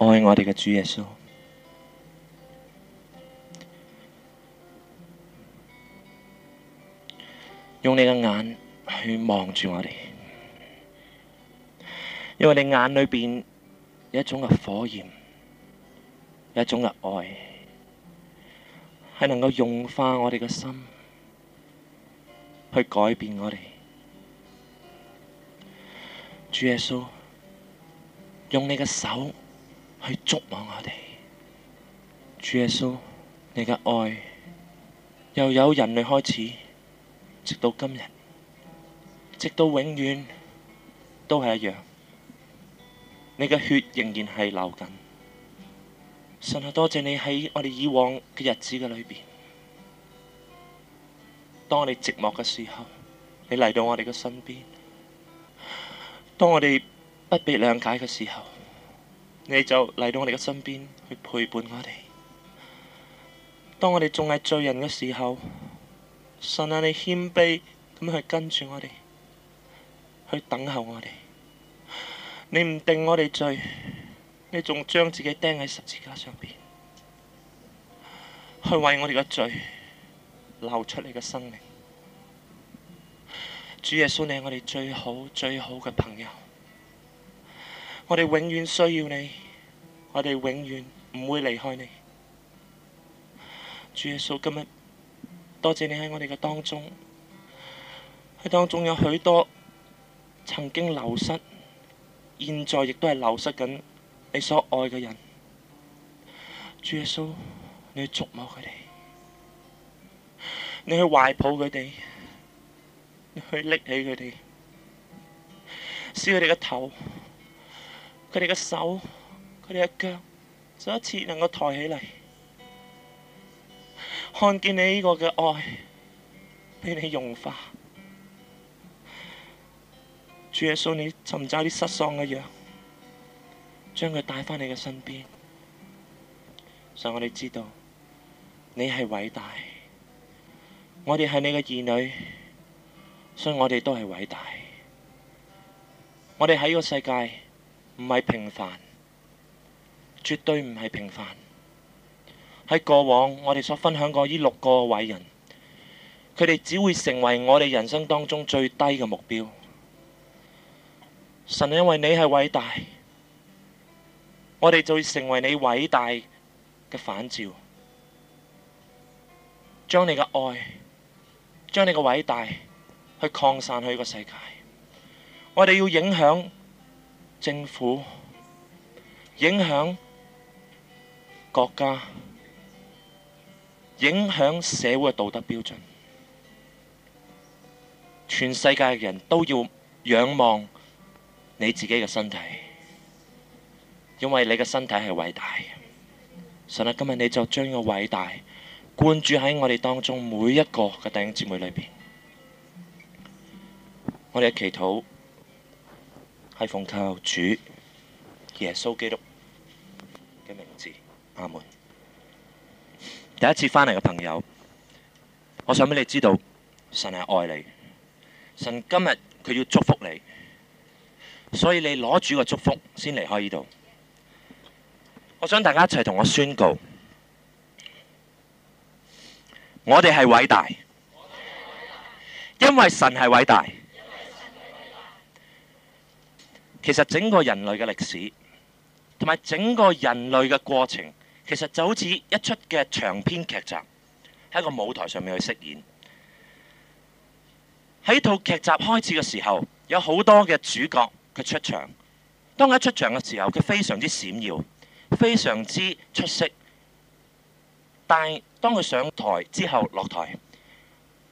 愛我哋嘅主耶穌，用你嘅眼去望住我哋，因為你眼裏邊有一種嘅火焰，有一種嘅愛，係能夠融化我哋嘅心，去改變我哋。主耶穌，用你嘅手。去觸摸我哋，主耶穌，你嘅愛又有人類開始，直到今日，直到永遠，都係一樣。你嘅血仍然係流緊。神多謝你喺我哋以往嘅日子嘅裏邊，當我哋寂寞嘅時候，你嚟到我哋嘅身邊；當我哋不被諒解嘅時候，你就嚟到我哋嘅身邊去陪伴我哋。當我哋仲係罪人嘅時候，神啊，你謙卑咁去跟住我哋，去等候我哋。你唔定我哋罪，你仲將自己釘喺十字架上邊，去為我哋嘅罪流出你嘅生命。主耶穌，你係我哋最好最好嘅朋友。我哋永遠需要你，我哋永遠唔會離開你。主耶穌今，今日多謝你喺我哋嘅當中，喺當中有許多曾經流失，現在亦都係流失緊你所愛嘅人。主耶穌，你去觸摸佢哋，你去懷抱佢哋，你去拎起佢哋，燒佢哋嘅頭。佢哋嘅手，佢哋嘅腳，再一次能夠抬起嚟，看見你呢個嘅愛俾你融化。主耶穌，你尋找啲失喪嘅羊，將佢帶翻你嘅身邊，所以我哋知道你係偉大。我哋係你嘅兒女，所以我哋都係偉大。我哋喺呢個世界。唔係平凡，絕對唔係平凡。喺過往，我哋所分享過呢六個偉人，佢哋只會成為我哋人生當中最低嘅目標。神因為你係偉大，我哋就會成為你偉大嘅反照，將你嘅愛，將你嘅偉大去擴散去個世界。我哋要影響。政府影響國家，影響社會嘅道德標準。全世界嘅人都要仰望你自己嘅身體，因為你嘅身體係偉大。神啊，今日你就將個偉大灌注喺我哋當中每一個嘅弟兄姊妹裏邊。我哋嘅祈禱。係奉靠主耶穌基督嘅名字，阿門。第一次返嚟嘅朋友，我想俾你知道，神係愛你，神今日佢要祝福你，所以你攞住個祝福先離開呢度。我想大家一齊同我宣告，我哋係偉大，因為神係偉大。其實整個人類嘅歷史，同埋整個人類嘅過程，其實就好似一出嘅長篇劇集，喺一個舞台上面去飾演。喺套劇集開始嘅時候，有好多嘅主角佢出場。當佢一出場嘅時候，佢非常之閃耀，非常之出色。但係當佢上台之後落台，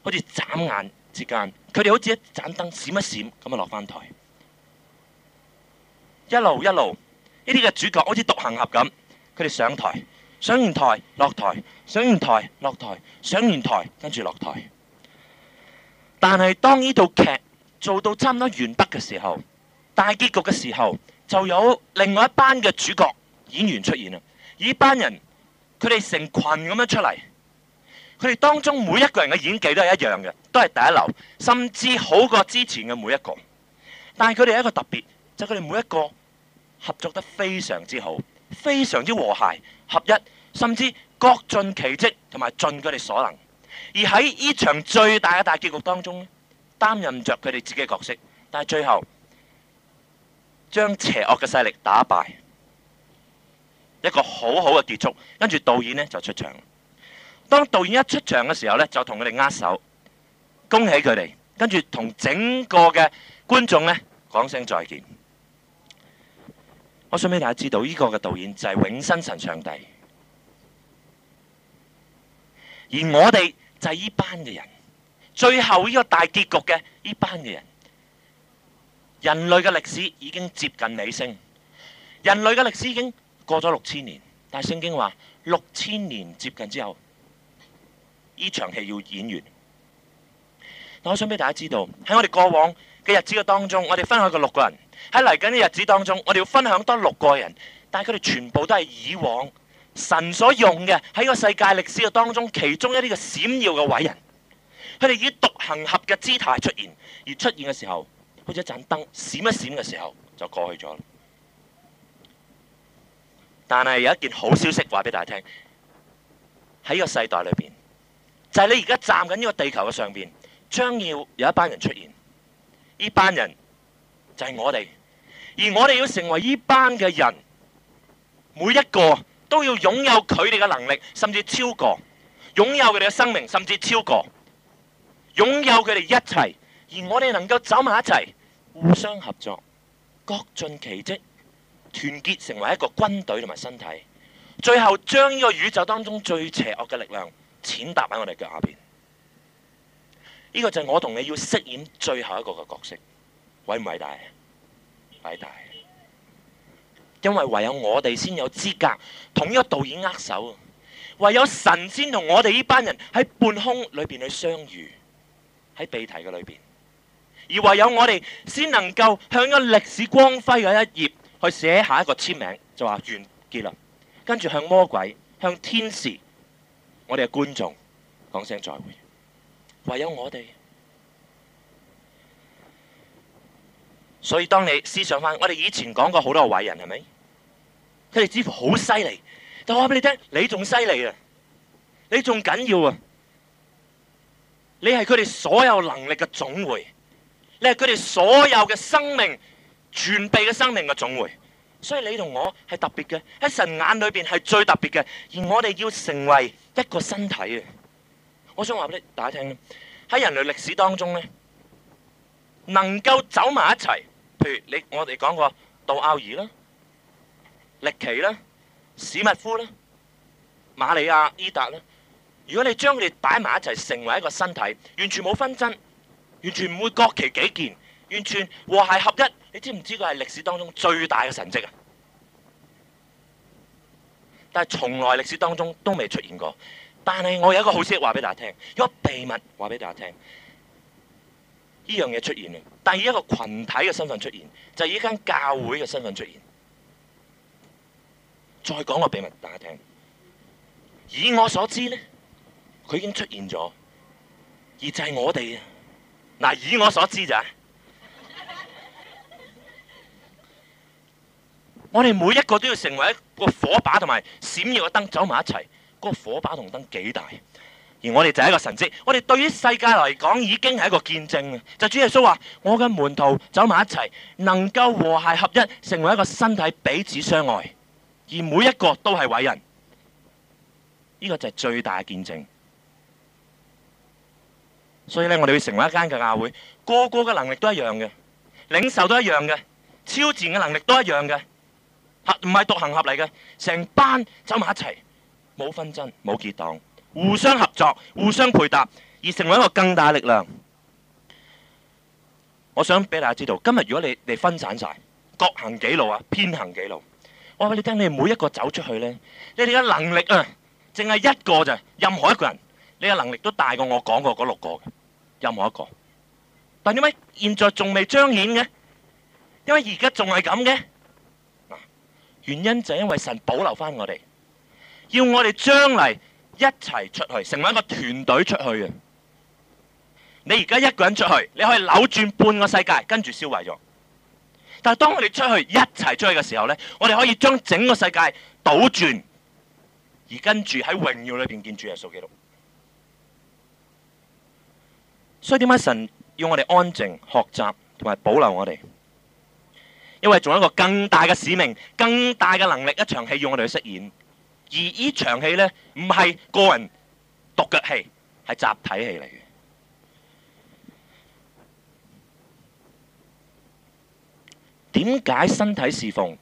好似眨眼之間，佢哋好似一盞燈閃一閃咁啊，落返台。一路一路，呢啲嘅主角好似獨行俠咁，佢哋上台，上完台落台，上完台落台，上完台落台，上完台跟住落台。但係當呢套劇做到差唔多完畢嘅時候，大結局嘅時候，就有另外一班嘅主角演員出現啦。呢班人佢哋成群咁樣出嚟，佢哋當中每一個人嘅演技都係一樣嘅，都係第一流，甚至好過之前嘅每一個。但係佢哋有一個特別，就係佢哋每一個。合作得非常之好，非常之和諧、合一，甚至各盡其職同埋盡佢哋所能。而喺呢場最大嘅大結局當中，擔任着佢哋自己嘅角色，但係最後將邪惡嘅勢力打敗，一個好好嘅結束。跟住導演呢就出場，當導演一出場嘅時候呢，就同佢哋握手，恭喜佢哋，跟住同整個嘅觀眾呢講聲再見。我想俾大家知道，呢個嘅導演就係永生神上帝，而我哋就係呢班嘅人，最後呢個大結局嘅呢班嘅人。人類嘅歷史已經接近尾聲，人類嘅歷史已經過咗六千年，但係聖經話六千年接近之後，呢場戲要演完。但我想俾大家知道，喺我哋過往嘅日子嘅當中，我哋分享過六個人。喺嚟緊嘅日子當中，我哋要分享多六個人，但係佢哋全部都係以往神所用嘅，喺個世界歷史嘅當中其中一啲嘅閃耀嘅偉人，佢哋以獨行俠嘅姿態出現，而出現嘅時候好似一盞燈閃一閃嘅時候就過去咗。但係有一件好消息話俾大家聽，喺呢個世代裏邊，就係、是、你而家站緊呢個地球嘅上邊，將要有一班人出現，呢班人。就係我哋，而我哋要成為呢班嘅人，每一個都要擁有佢哋嘅能力，甚至超過，擁有佢哋嘅生命，甚至超過，擁有佢哋一切，而我哋能夠走埋一齊，互相合作，各盡其職，團結成為一個軍隊同埋身體，最後將呢個宇宙當中最邪惡嘅力量，踐踏喺我哋腳下邊。呢個就係我同你要飾演最後一個嘅角色。偉唔偉大啊？偉大，因為唯有我哋先有資格同一個導演握手，唯有神仙同我哋呢班人喺半空裏邊去相遇，喺鼻涕嘅裏邊，而唯有我哋先能夠向一個歷史光輝嘅一頁去寫下一個簽名，就話完結啦。跟住向魔鬼、向天使，我哋嘅觀眾講聲再會。唯有我哋。所以，當你思想翻，我哋以前講過好多偉人係咪？佢哋似乎好犀利，但我話俾你聽，你仲犀利啊！你仲緊要啊！你係佢哋所有能力嘅總會，你係佢哋所有嘅生命、全備嘅生命嘅總會。所以你同我係特別嘅，喺神眼裏邊係最特別嘅。而我哋要成為一個身體啊！我想話俾你大家聽啦，喺人類歷史當中咧。能夠走埋一齊，譬如你我哋講過杜奧爾啦、力奇啦、史密夫啦、馬里亞伊達啦，如果你將佢哋擺埋一齊，成為一個身體，完全冇紛爭，完全唔會各其己見，完全和諧合一，你知唔知佢係歷史當中最大嘅成績啊？但係從來歷史當中都未出現過。但係我有一個好消息話俾大家聽，有一個秘密話俾大家聽。呢樣嘢出現啊！但以一個群體嘅身份出現，就係、以依間教會嘅身份出現。再講個秘密，大家聽。以我所知呢，佢已經出現咗，而就係我哋啊！嗱，以我所知咋， 我哋每一個都要成為一個火把同埋閃耀嘅燈，的燈走埋一齊。嗰、嗰個火把同燈幾大？而我哋就係一個神跡，我哋對於世界嚟講已經係一個見證。就主耶穌話：我嘅門徒走埋一齊，能夠和諧合一，成為一個身體，彼此相愛，而每一個都係偉人。呢個就係最大嘅見證。所以呢，我哋會成為一間嘅教會，個個嘅能力都一樣嘅，領袖都一樣嘅，超自然嘅能力都一樣嘅，唔係獨行俠嚟嘅，成班走埋一齊，冇紛爭，冇結黨。互相合作、互相配搭，而成為一個更大力量。我想俾大家知道，今日如果你哋分散晒，各行幾路啊，偏行幾路，我話你聽，你每一個走出去呢，你哋嘅能力啊，淨、呃、係一個就任何一個人，你嘅能力都大過我講過嗰六個任何一個。但點解現在仲未彰顯嘅？因為而家仲係咁嘅？原因就因為神保留翻我哋，要我哋將嚟。一齊出去，成為一個團隊出去嘅。你而家一個人出去，你可以扭轉半個世界，跟住消毀咗。但係當我哋出去一齊出去嘅時候呢，我哋可以將整個世界倒轉，而跟住喺榮耀裏邊見主耶穌基督。所以點解神要我哋安靜、學習同埋保留我哋？因為仲有一個更大嘅使命、更大嘅能力，一場戲要我哋去飾演。而依場戲呢，唔係個人獨腳戲，係集體戲嚟嘅。點解身體侍奉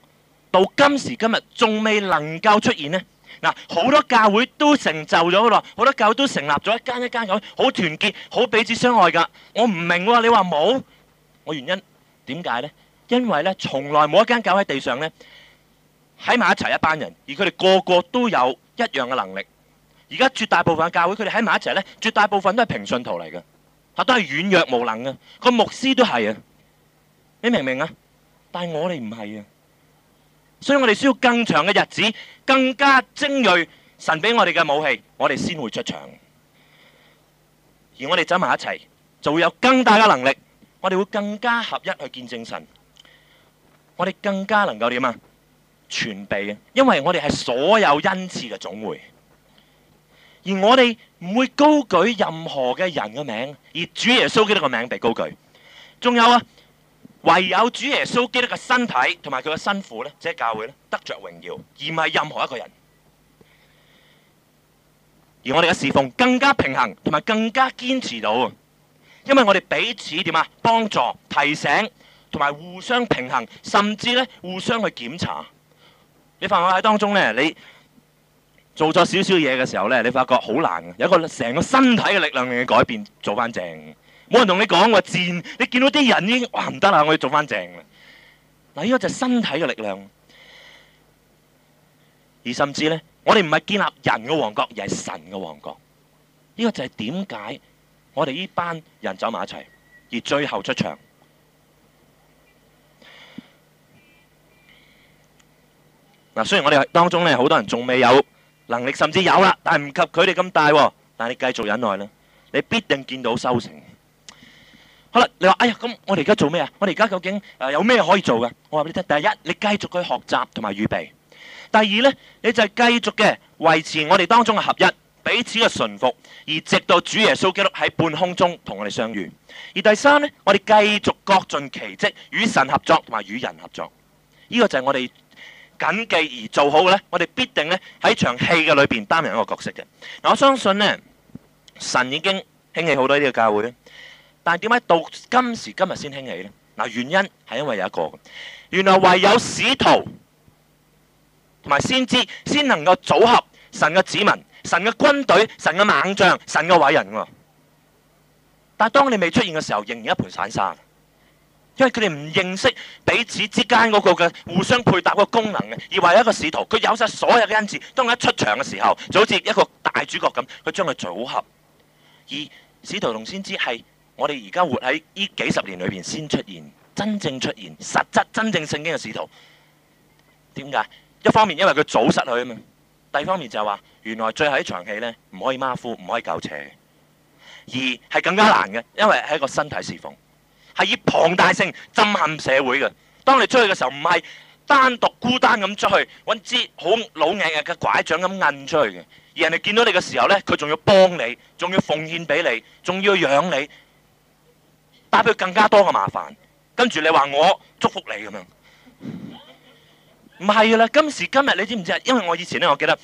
到今時今日仲未能夠出現呢？嗱，好多教會都成就咗咯，好多教會都成立咗一間一間教會，好團結，好彼此相愛噶。我唔明喎，你話冇？我原因點解呢？因為呢，從來冇一間教喺地上呢。喺埋一齊一班人，而佢哋個個都有一樣嘅能力。而家絕大部分教會，佢哋喺埋一齊呢，絕大部分都係平信徒嚟嘅，都係軟弱無能嘅。個牧師都係啊，你明唔明啊？但係我哋唔係啊，所以我哋需要更長嘅日子，更加精鋭神俾我哋嘅武器，我哋先會出場。而我哋走埋一齊，就會有更大嘅能力。我哋會更加合一去見證神。我哋更加能夠點啊？全備，因為我哋係所有恩賜嘅總會，而我哋唔會高舉任何嘅人嘅名，而主耶穌基督嘅名被高舉。仲有啊，唯有主耶穌基督嘅身體同埋佢嘅新婦呢，即係教會呢，得着榮耀，而唔係任何一個人。而我哋嘅侍奉更加平衡，同埋更加堅持到，因為我哋彼此點啊？幫助、提醒，同埋互相平衡，甚至呢，互相去檢查。你發覺喺當中呢，你做咗少少嘢嘅時候呢，你發覺好難有個成個身體嘅力量令你改變，做翻正。冇人同你講話賤，你見到啲人已經哇唔得啦，我要做翻正。嗱，呢個就係身體嘅力量。而甚至呢，我哋唔係建立人嘅王國，而係神嘅王國。呢個就係點解我哋呢班人走埋一齊，而最後出場。嗱，雖然我哋當中咧好多人仲未有能力，甚至有啦，但係唔及佢哋咁大，哦，但係你繼續忍耐啦，你必定見到收成。好啦，你話：哎呀，咁我哋而家做咩啊？我哋而家究竟誒、呃、有咩可以做嘅？我話俾你聽，第一，你繼續去學習同埋預備；第二咧，你就係繼續嘅維持我哋當中嘅合一，彼此嘅順服，而直到主耶穌基督喺半空中同我哋相遇；而第三咧，我哋繼續各盡其職，與神合作同埋與人合作。呢、呢個就係我哋。謹記而做好嘅，呢，我哋必定呢喺場戲嘅裏邊擔任一個角色嘅。嗱，我相信呢，神已經興起好多呢個教會，但係點解到今時今日先興起呢？嗱，原因係因為有一個，原來唯有使徒同埋先知先能夠組合神嘅子民、神嘅軍隊、神嘅猛將、神嘅偉人。但係當你未出現嘅時候，仍然一盤散沙。因為佢哋唔認識彼此之間嗰個嘅互相配搭個功能嘅，而為一個使徒，佢有晒所有嘅恩賜，當佢一出場嘅時候，就好似一個大主角咁，佢將佢組合。而使徒同先知係我哋而家活喺呢幾十年裏邊先出現，真正出現實質真正聖經嘅使徒。點解？一方面因為佢早失去啊嘛，第二方面就係話原來最後一場戲呢唔可以馬虎，唔可以搞扯，而係更加難嘅，因為係一個身體侍奉。係以龐大性震撼社會嘅。當你出去嘅時候，唔係單獨孤單咁出去搵支好老硬硬嘅拐杖咁摁出去嘅，而人哋見到你嘅時候呢，佢仲要幫你，仲要奉獻俾你，仲要養你，帶俾佢更加多嘅麻煩。跟住你話我祝福你咁樣，唔係啦。今時今日你知唔知啊？因為我以前呢，我記得。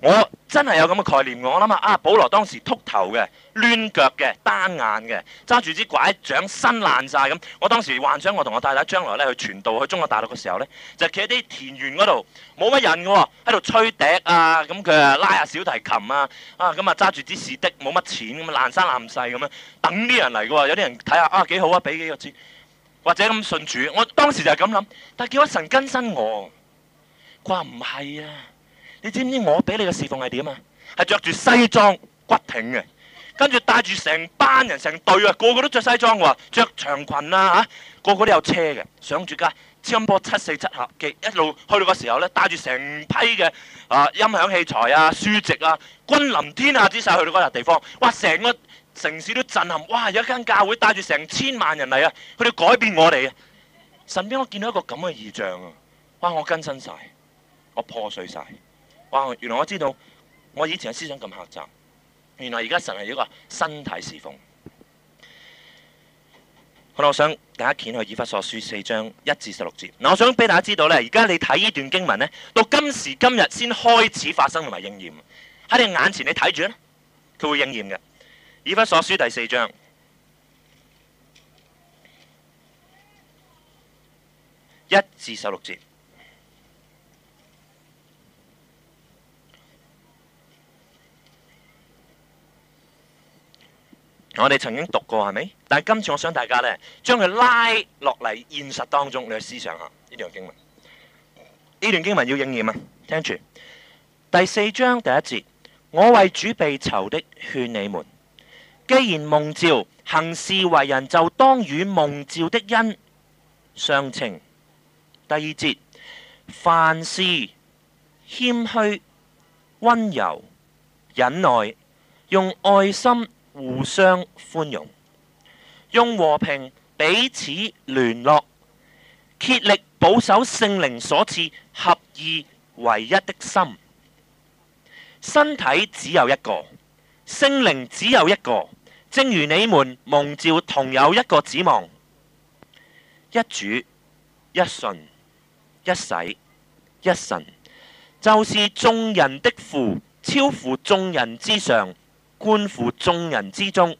我真係有咁嘅概念，我諗下啊，保羅當時禿頭嘅，攣腳嘅，單眼嘅，揸住支拐杖，身爛曬咁。我當時幻想我同我太太將來咧去傳道去中國大陸嘅時候咧，就企喺啲田園嗰度，冇乜人喎，喺度吹笛啊，咁佢啊拉下小提琴啊，啊咁啊揸住支士的，冇乜錢咁，爛山爛世咁樣等啲人嚟嘅喎，有啲人睇下啊幾好啊，俾幾個錢，或者咁順主。我當時就係咁諗，但結果神更新我，佢話唔係啊。你知唔知我俾你嘅侍奉係點啊？係着住西裝骨挺嘅，跟住帶住成班人成隊啊，個個都着西裝嘅，着長裙啊，嚇，個個都有車嘅，上住架超音波七四七客機一路去到嗰時候呢，帶住成批嘅啊音響器材啊書籍啊，君臨天下之勢去到嗰笪地方，哇！成個城市都震撼，哇！有一間教會帶住成千萬人嚟啊，佢哋改變我哋啊！身邊我見到一個咁嘅異象啊！哇！我更新晒，我破碎晒。哇、哦！原來我知道我以前嘅思想咁狹窄，原來而家神係一個身體侍奉。好啦，我想大家掀去以弗所書四章一至十六節。嗱、嗯，我想俾大家知道呢，而家你睇呢段經文呢，到今時今日先開始發生同埋應驗喺你眼前，你睇住咧，佢會應驗嘅。以弗所書第四章一至十六節。我哋曾經讀過係咪？但係今次我想大家呢，將佢拉落嚟現實當中，你去思想下呢段經文。呢段經文要應驗啊！聽住第四章第一節，我為主被囚的勸你們：既然蒙召，行事為人，就當與蒙召的恩相稱。第二節，凡事謙虛、溫柔、忍耐，用愛心。互相寬容，用和平彼此聯絡，竭力保守聖靈所賜合而為一的心。身體只有一個，聖靈只有一個，正如你們蒙召同有一個指望，一主、一信、一洗、一神，就是眾人的父，超乎眾人之上。觀乎眾人之中，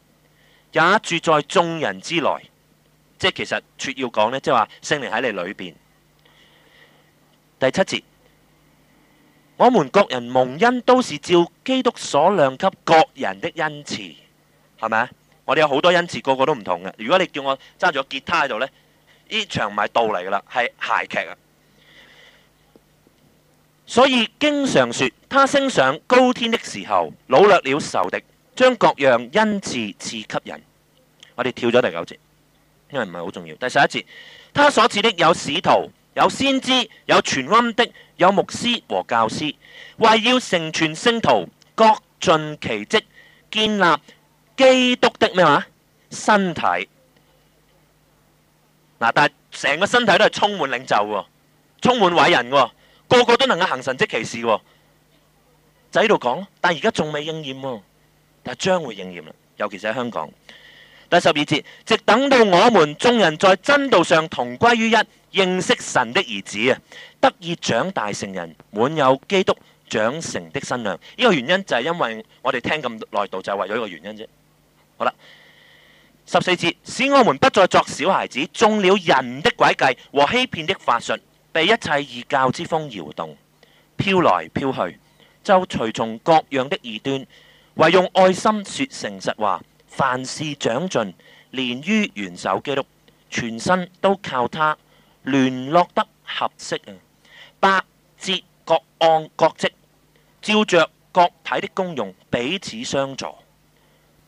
也住在眾人之內。即係其實，説要講呢，即係話聖靈喺你裏邊。第七節，我們各人蒙恩都是照基督所量給各人的恩賜，係咪啊？我哋有好多恩賜，個個都唔同嘅。如果你叫我揸住個吉他喺度呢，呢場唔係道嚟㗎啦，係諧劇啊！所以經常説，他升上高天的時候，擄掠了仇敵。將各樣恩賜賜給人。我哋跳咗第九節，因為唔係好重要。第十一節，他所指的有使徒，有先知，有傳恩的，有牧師和教師，為要成全聖徒，各盡其職，建立基督的咩話身體。嗱，但係成個身體都係充滿領袖喎，充滿偉人喎，個個都能夠行神蹟奇事喎，就喺度講。但係而家仲未應驗喎。就將會應驗啦，尤其是喺香港。第十二節，直等到我們眾人，在真道上同歸於一，認識神的兒子啊，得以長大成人，滿有基督長成的新娘身量。呢、這個原因就係因為我哋聽咁耐道，就係、是、為咗依個原因啫。好啦，十四節，使我們不再作小孩子，中了人的詭計和欺騙的法術，被一切異教之風搖動，飄來飄去，就隨從各樣的異端。惟用愛心說誠實話，凡事長進，連於元首基督，全身都靠他，聯絡得合式啊！百節各按各職，照着各體的功用彼此相助，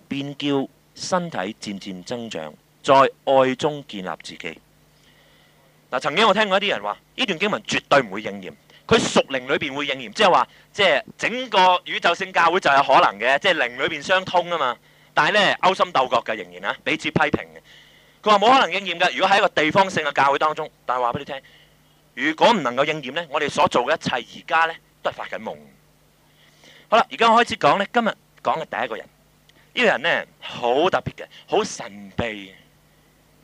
便叫身體漸漸增長，在愛中建立自己。嗱，曾經我聽過一啲人話，呢段經文絕對唔會應驗。佢屬靈裏邊會應驗，即係話，即係整個宇宙性教會就有可能嘅，即係靈裏邊相通啊嘛。但係呢，勾心鬥角嘅仍然啊，彼此批評嘅。佢話冇可能應驗嘅，如果喺一個地方性嘅教會當中。但係話俾你聽，如果唔能夠應驗呢，我哋所做嘅一切而家呢，都係發緊夢。好啦，而家我開始講呢，今日講嘅第一個人，呢個人呢，好特別嘅，好神秘，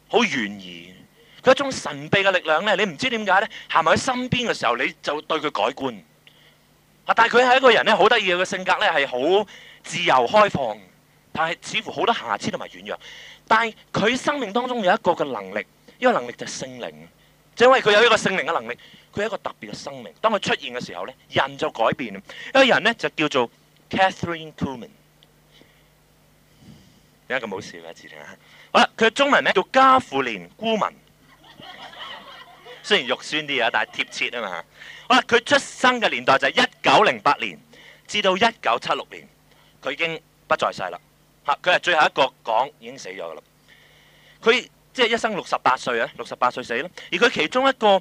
好懸疑。有一種神秘嘅力量咧，你唔知點解咧，行埋喺身邊嘅時候，你就對佢改觀。啊，但係佢係一個人咧，好得意嘅性格咧，係好自由開放，但係似乎好多瑕疵同埋軟弱。但係佢生命當中有一個嘅能力，呢個能力就係聖靈。正、就是、因為佢有一個聖靈嘅能力，佢係一個特別嘅生命。當佢出現嘅時候咧，人就改變。一個人咧就叫做 Catherine Kuhlman。點解咁好笑嘅、啊，志好啦，佢嘅中文名叫加富蓮孤文。雖然肉酸啲啊，但係貼切啊嘛。好啦，佢出生嘅年代就係一九零八年，至到一九七六年，佢已經不在世啦。嚇，佢係最後一個講已經死咗噶啦。佢即係一生六十八歲啊，六十八歲死啦。而佢其中一個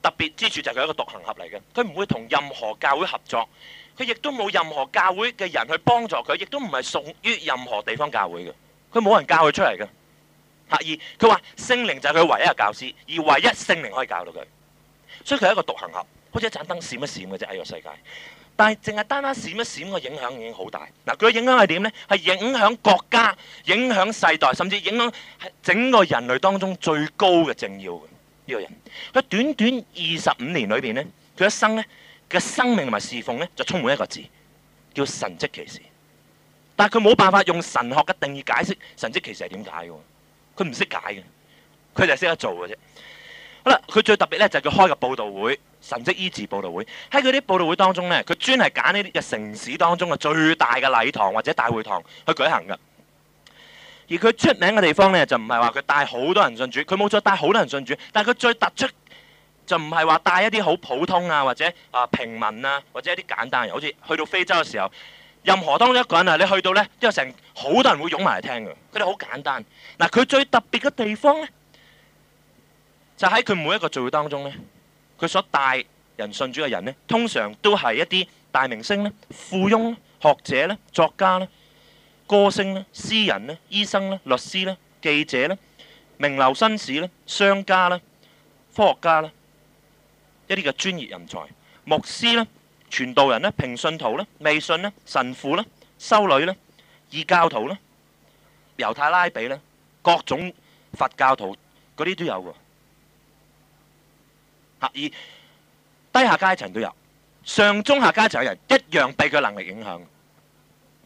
特別之處就係佢一個獨行俠嚟嘅，佢唔會同任何教會合作，佢亦都冇任何教會嘅人去幫助佢，亦都唔係屬於任何地方教會嘅，佢冇人教佢出嚟嘅。第二，佢話聖靈就係佢唯一嘅教師，而唯一聖靈可以教到佢，所以佢係一個獨行俠，好似一盞燈閃一閃嘅啫喺呢個世界。但係淨係單單閃一閃嘅影響已經好大嗱。佢嘅影響係點呢？係影響國家、影響世代，甚至影響整個人類當中最高嘅政要嘅呢、這個人。佢短短二十五年裏邊呢，佢一生咧嘅生命同埋侍奉呢，就充滿一個字叫神跡奇事，但係佢冇辦法用神學嘅定義解釋神跡奇事係點解。佢唔識解嘅，佢就係識得做嘅啫。好啦，佢最特別呢，就係佢開個報道會、神跡醫治報道會，喺佢啲報道會當中呢，佢專係揀呢啲嘅城市當中嘅最大嘅禮堂或者大會堂去舉行㗎。而佢出名嘅地方呢，就唔係話佢帶好多人信主，佢冇再帶好多人信主，但係佢最突出就唔係話帶一啲好普通啊或者啊平民啊或者一啲簡單人，好似去到非洲嘅時候。任何當中一個人啊，你去到咧都有成好多人會擁埋嚟聽嘅，佢哋好簡單。嗱，佢最特別嘅地方咧，就喺佢每一個聚會當中咧，佢所帶人信主嘅人咧，通常都係一啲大明星咧、富翁咧、學者咧、作家咧、歌星咧、詩人咧、醫生咧、律師咧、記者咧、名流紳士咧、商家咧、科學家咧，一啲嘅專業人才、牧師咧。傳道人咧、平信徒咧、未信咧、神父咧、修女咧、異教徒咧、猶太拉比咧、各種佛教徒嗰啲都有㗎，嚇！而低下階層都有，上中下階層嘅人一樣被佢能力影響，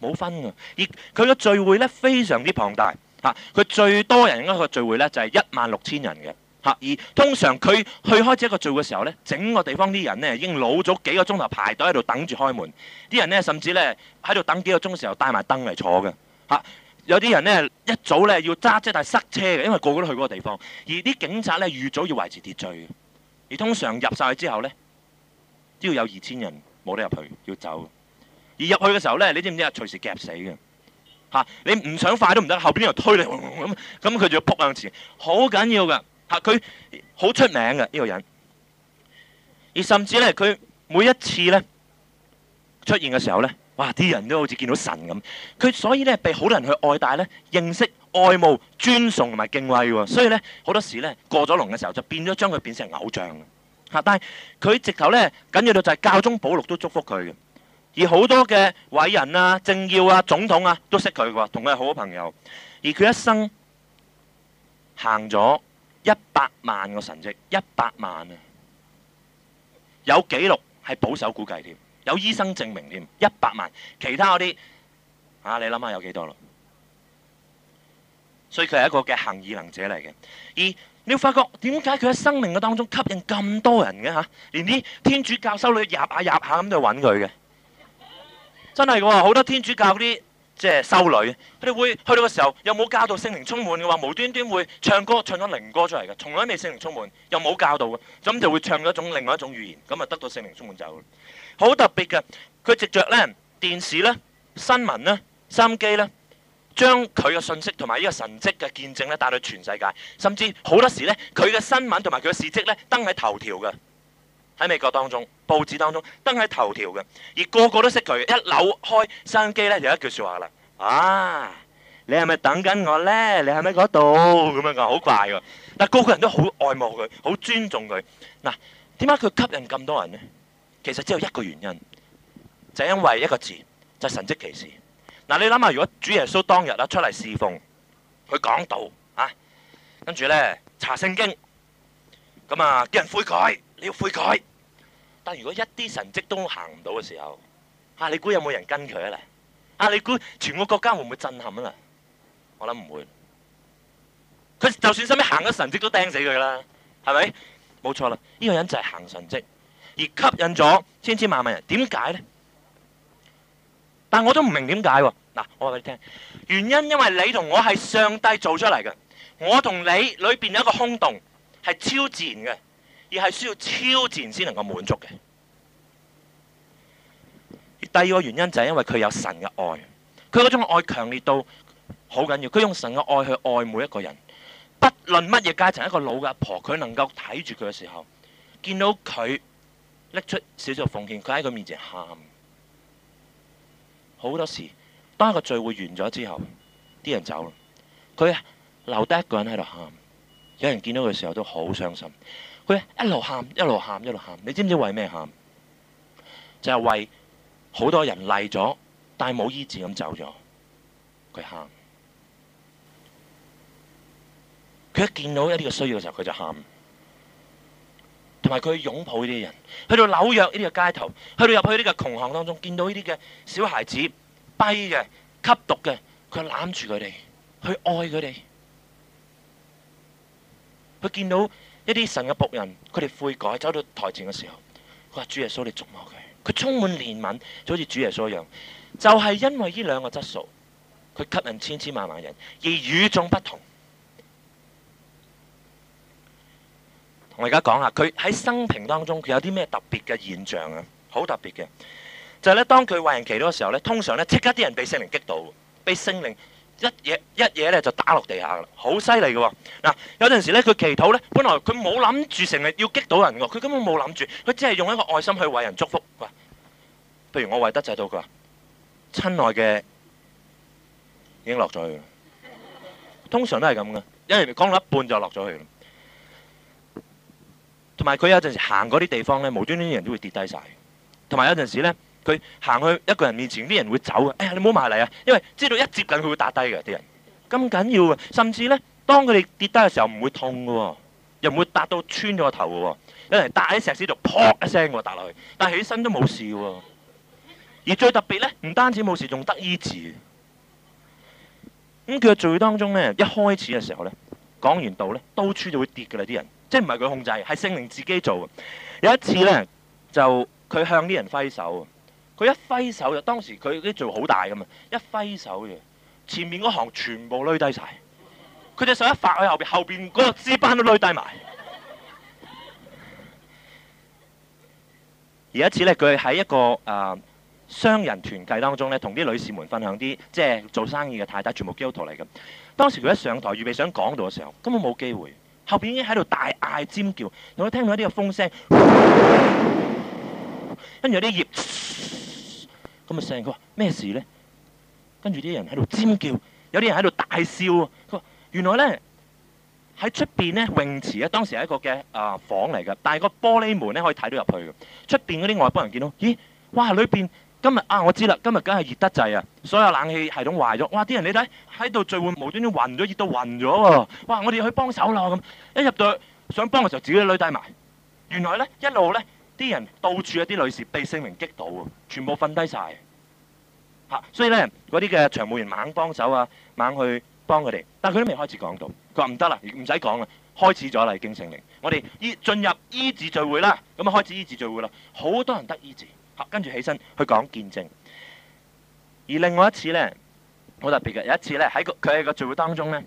冇分㗎。而佢個聚會咧，非常之龐大，嚇！佢最多人嗰個聚會咧就係一萬六千人嘅。嚇、啊！而通常佢去開始一個聚會嘅時候呢，整個地方啲人呢已經老咗幾個鐘頭排隊喺度等住開門。啲人呢，甚至呢喺度等幾個鐘嘅時,時候帶埋燈嚟坐嘅。嚇、啊！有啲人呢，一早呢要揸車，但係塞車嘅，因為個個都去嗰個地方。而啲警察呢預早要維持秩序嘅。而通常入晒去之後呢，都要有二千人冇得入去，要走。而入去嘅時候呢，你知唔知啊？隨時夾死嘅。嚇、啊！你唔想快都唔得，後邊又推你，咁咁佢仲要撲向前，好緊要嘅。嚇、佢好出名嘅呢，這個人，而甚至呢，佢每一次呢出現嘅時候呢，哇，啲人都好似見到神咁，佢所以呢，被好多人去愛戴呢，認識、愛慕、尊崇同埋敬畏喎，所以呢，好多時候呢，過咗龍嘅時候就變咗將佢變成偶像嘅。啊，但係佢直頭呢，緊要到就係教宗保祿都祝福佢嘅，而好多嘅偉人啊，政要啊，總統啊都識佢喎，同佢係好好朋友，而佢一生行咗，走了。一百萬個神蹟，一百萬啊！有記錄係保守估計添，有醫生證明添，一百萬。其他嗰啲啊，你諗下有幾多咯？所以佢係一個嘅行異能者嚟嘅。而你發覺點解佢喺生命嘅當中吸引咁多人嘅吓？連啲天主教修女入下入下咁都去揾佢嘅，真係嘅喎！好多天主教嗰啲。即係修女，佢哋會去到嘅時候又冇教到聖靈充滿嘅話，無端端會唱歌唱咗靈歌出嚟嘅，從來未聖靈充滿，又冇教導嘅，咁就會唱咗一種另外一種語言，咁啊得到聖靈充滿就好了。好特別嘅，佢藉著咧電視咧新聞咧收音機咧，將佢嘅信息同埋呢個神跡嘅見證咧帶到全世界，甚至好多時咧佢嘅新聞同埋佢嘅事蹟咧登喺頭條嘅。喺美國當中報紙當中登喺頭條嘅，而個個都識佢。一扭開收音機咧，就一句說話啦：啊，你係咪等緊我咧？你係咪嗰度？咁樣講好怪嘅。但係個個人都好愛慕佢，好尊重佢。嗱，點解佢吸引咁多人咧？其實只有一個原因，就因為一個字，就神蹟奇事。嗱，你諗下，如果主耶穌當日啊出嚟侍奉，佢講道啊，跟住咧查聖經，咁啊叫人悔改，你要悔改。但如果一啲神蹟都行唔到嘅時候，啊你估有冇人跟佢啊啦？啊你估全個國家會唔會震撼啊啦？我諗唔會。佢就算後屘行咗神蹟都釘死佢啦，係咪？冇錯啦，呢個人就係行神蹟而吸引咗千千萬萬人，點解咧？但我都唔明點解喎。嗱，我話俾你聽，原因因為你同我係上帝做出嚟嘅，我同你裏邊有一個空洞係超自然嘅。而係需要超自然先能夠滿足嘅。第二個原因就係因為佢有神嘅愛，佢嗰種愛強烈到好緊要。佢用神嘅愛去愛每一個人，不論乜嘢階層。一個老嘅阿婆，佢能夠睇住佢嘅時候，見到佢拎出少少奉獻，佢喺佢面前喊。好多時，當一個聚會完咗之後，啲人走，佢留低一個人喺度喊。有人見到佢嘅時候都好傷心。佢一路喊，一路喊，一路喊。你知唔知為咩喊？就係、是、為好多人嚟咗，但冇醫治咁走咗。佢喊，佢一見到一啲嘅需要嘅時候，佢就喊。同埋佢擁抱呢啲人，去到紐約呢啲嘅街頭，去到入去呢啲嘅窮巷當中，見到呢啲嘅小孩子跛嘅、吸毒嘅，佢攬住佢哋，去愛佢哋。佢見到。呢啲神嘅僕人，佢哋悔改走到台前嘅時候，佢話，主耶穌，你捉摸佢。佢充滿憐憫，就好似主耶穌一樣。就係因為呢兩個質素，佢吸引千千萬萬人而與眾不同。我而家講下佢喺生平當中，佢有啲咩特別嘅現象啊？好特別嘅就係咧，當佢為人祈禱嘅時候咧，通常咧即刻啲人被聖靈擊倒，被聖靈。一嘢一嘢咧就打落地下噶啦，好犀利噶喎！嗱，有陣時咧佢祈禱咧，本來佢冇諗住成日要擊到人㗎，佢根本冇諗住，佢只係用一個愛心去為人祝福。喂，不如我為德濟到佢。話親愛嘅，已經落咗去，通常都係咁嘅，因為講到一半就落咗去。同埋佢有陣時行嗰啲地方咧，無端端啲人都會跌低曬。同埋有陣時咧。佢行去一個人面前，啲人會走嘅。哎呀，你唔好埋嚟啊！因為知道一接近佢會打低嘅啲人，咁緊要啊！甚至咧，當佢哋跌低嘅時候唔會痛嘅喎，又唔會笪到穿咗個頭嘅喎，有人笪喺石屎度，卟一聲嘅喎笪落去，但起身都冇事喎。而最特別咧，唔單止冇事，仲得醫治。咁佢嘅聚會當中咧，一開始嘅時候咧，講完道咧，到處就會跌嘅啦啲人，即係唔係佢控制，係聖靈自己做嘅。有一次咧，嗯、就佢向啲人揮手。佢一揮手就，當時佢啲做好大㗎嘛。一揮手嘅，前面嗰行全部攣低晒。佢隻手一發去後邊，後邊嗰個置辦都攣低埋。 而一次呢，佢喺一個誒、呃、商人團契當中呢，同啲女士們分享，啲即係做生意嘅太太全部基督徒嚟嘅。當時佢一上台，預備想講道嘅時候，根本冇機會，後邊已經喺度大嗌尖叫，我聽到一啲嘅風聲，跟住 有啲葉。咁啊！聲，佢話咩事咧？跟住啲人喺度尖叫，有啲人喺度大笑。佢話：原來咧喺出邊咧泳池咧，當時係一個嘅啊房嚟嘅，但係個玻璃門咧可以睇到入去嘅。出邊嗰啲外邦人見到，咦？哇！裏邊今日啊，我知啦，今日梗係熱得滯啊！所有冷氣系統壞咗，哇！啲人你睇喺度聚會，無端端暈咗，熱到暈咗喎！哇！我哋要去幫手咯咁。一入到去想幫嘅時候，自己女帶埋。原來咧一路咧。啲人到處有啲女士被聖靈擊倒全部瞓低晒，嚇！所以呢，嗰啲嘅場務員猛幫手啊，猛去幫佢哋。但佢都未開始講到，佢話唔得啦，唔使講啦，開始咗啦已經聖靈。我哋醫進入醫治聚會啦，咁啊開始醫治聚會啦，好多人得醫治，嚇、啊！跟住起身去講見證。而另外一次呢，好特別嘅，有一次呢，喺佢喺個聚會當中呢。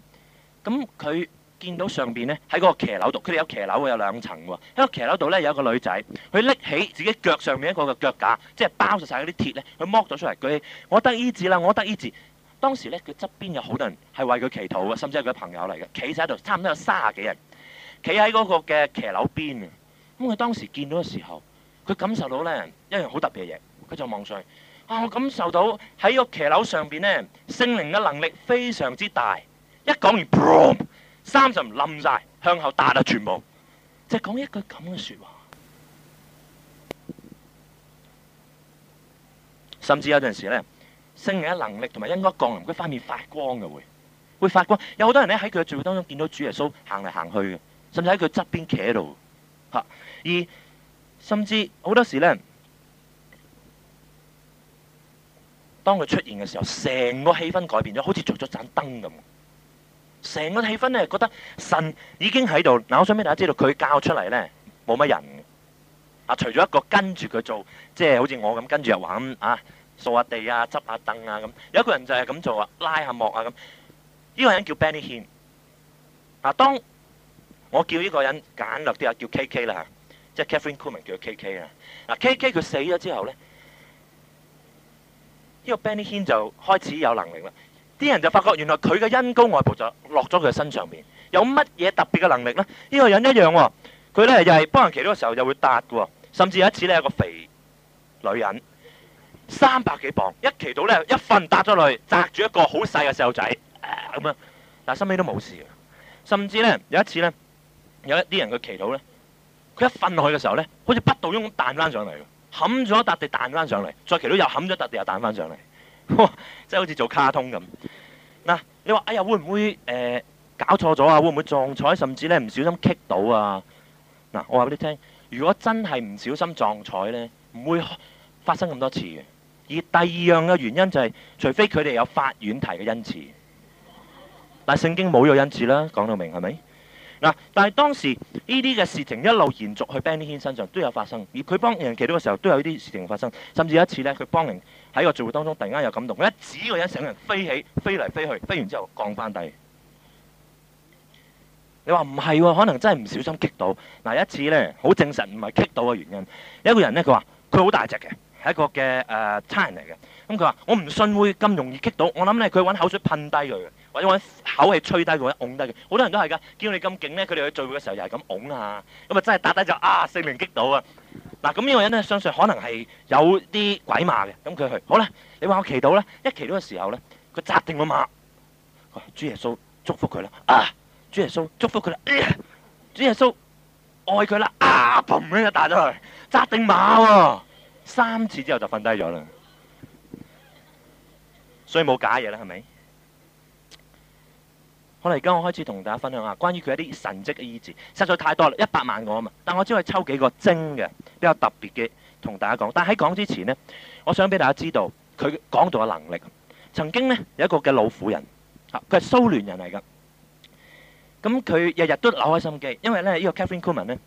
咁佢。見到上邊呢，喺嗰個騎樓度，佢哋有騎樓有兩層喎。喺個騎樓度呢，有一個女仔，佢拎起自己腳上面一個腳架，即係包曬晒嗰啲鐵呢。佢剝咗出嚟。佢我得醫治啦，我得醫治。當時呢，佢側邊有好多人係為佢祈禱嘅，甚至係佢朋友嚟嘅，企晒喺度差唔多有三十幾人，企喺嗰個嘅騎樓邊啊。咁、嗯、佢當時見到嘅時候，佢感受到呢一樣好特別嘅嘢，佢就望上去啊！我、哦、感受到喺個騎樓上邊呢，聖靈嘅能力非常之大，一講完三十冧曬，向後打啊！全部就係講一句咁嘅説話，甚至有陣時咧，聖人嘅能力同埋恩光，佢塊面發光嘅會，會發光。有好多人咧喺佢嘅聚會當中見到主耶穌行嚟行去嘅，甚至喺佢側邊企喺度嚇。而甚至好多時咧，當佢出現嘅時候，成個氣氛改變咗，好似著咗盞燈咁。成個氣氛咧，覺得神已經喺度。嗱，我想俾大家知道，佢教出嚟咧冇乜人。啊，除咗一個跟住佢做，即係好似我咁跟住又玩啊，掃下地啊，執下凳啊咁。有一個人就係咁做啊，拉下幕啊咁。呢、呢個人叫 Benny Hinn，啊。嗱，當我叫呢個人簡略啲啊，叫 KK 啦，即係 Kathryn Kuhlman 叫 KK 啊。嗱、uh、，KK 佢、啊、死咗之後咧，呢、呢個 Benny Hinn 就開始有能力啦。啲人就發覺原來佢嘅恩膏外袍就落咗佢嘅身上面，有乜嘢特別嘅能力呢？呢、呢個人一樣喎，佢咧又係幫人祈禱嘅時候又會搭㗎喎，甚至有一次咧，有個肥女人三百幾磅一祈禱咧，一瞓搭咗落去，擲住一個好細嘅細路仔咁樣，但係收尾都冇事嘅。甚至咧有一次咧，有一啲人嘅祈禱咧，佢一瞓落去嘅時候咧，好似不倒翁咁彈翻上嚟冚咗一揼地，彈翻上嚟，再祈禱又冚咗一揼地又彈翻上嚟。即係好似做卡通咁。嗱、啊，你話哎呀，會唔會誒、呃、搞錯咗啊？會唔會撞彩，甚至咧唔小心棘到啊？嗱、啊，我話俾你聽，如果真係唔小心撞彩呢，唔會發生咁多次嘅。而第二樣嘅原因就係、是，除非佢哋有法院提嘅恩賜，但係聖經冇呢個恩賜啦。講到明係咪？是但係當時呢啲嘅事情一路延續去 Benny Hinn 身上都有發生，而佢幫人祈禱嘅時候都有呢啲事情發生，甚至有一次呢佢幫人喺一個聚會當中突然間有感動，佢一指一個人成個人飛起，飛嚟飛去，飛完之後降翻低。你話唔係喎？可能真係唔小心棘到。嗱，有一次呢，好證實唔係棘到嘅原因，有一個人呢，佢話佢好大隻嘅，係一個嘅誒、呃、差人嚟嘅。咁佢話我唔信會咁容易棘到，我諗呢，佢揾口水噴低佢嘅。或者搵口氣吹低佢，㧬低佢，好多人都係噶。見到你咁勁咧，佢哋去聚會嘅時候又係咁㧬啊。咁啊真係打低咗啊，聖靈擊倒啊！嗱，咁呢個人咧，相信可能係有啲鬼馬嘅。咁佢去好啦，你話我祈禱咧，一祈禱嘅時候咧，佢紮定個馬。喂，主耶穌祝福佢啦！啊，主耶穌祝福佢啦！主耶穌愛佢啦！啊，砰！一打咗落嚟，紮定馬喎。三次之後就瞓低咗啦。所以冇假嘢啦，係咪？好啦，而家我開始同大家分享下關於佢一啲神跡嘅醫治，實在太多啦，一百萬個啊嘛。但我只可以抽幾個精嘅比較特別嘅同大家講。但喺講之前咧，我想俾大家知道佢講道嘅能力。曾經咧，有一個嘅老婦人啊，佢係蘇聯人嚟噶。咁佢日日都扭開心機，因為咧，呢個 Katherine Kuhlman 咧，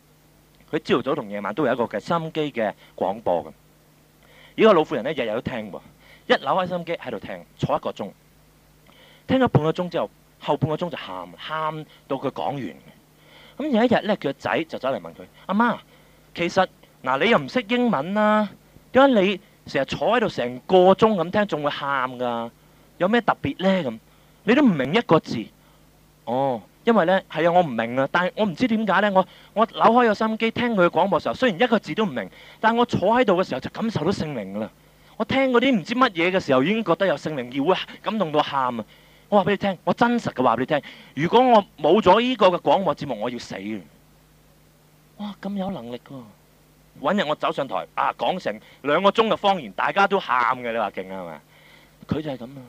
佢朝頭早同夜晚都有一個嘅心機嘅廣播嘅。呢個老婦人咧，日日都聽喎，一扭開心機喺度聽，坐一個鐘，聽咗半個鐘之後。後半個鐘就喊，喊到佢講完，咁有一日呢，佢個仔就走嚟問佢：阿媽，其實嗱、啊，你又唔識英文啦、啊？點解你成日坐喺度成個鐘咁聽，仲會喊噶有咩特別呢？咁你都唔明一個字。哦，因為呢係啊，我唔明啊，但係我唔知點解呢。我我扭開個收音機聽佢廣播嘅時候，雖然一個字都唔明，但係我坐喺度嘅時候就感受到聖靈噶啦。我聽嗰啲唔知乜嘢嘅時候，已經覺得有聖靈要啊，會感動到喊啊！我話俾你聽，我真實嘅話俾你聽。如果我冇咗呢個嘅廣播節目，我要死啊！哇，咁有能力噶、啊，揾日我走上台啊，講成兩個鐘嘅方言，大家都喊嘅，你話勁啊嘛？佢就係咁啊！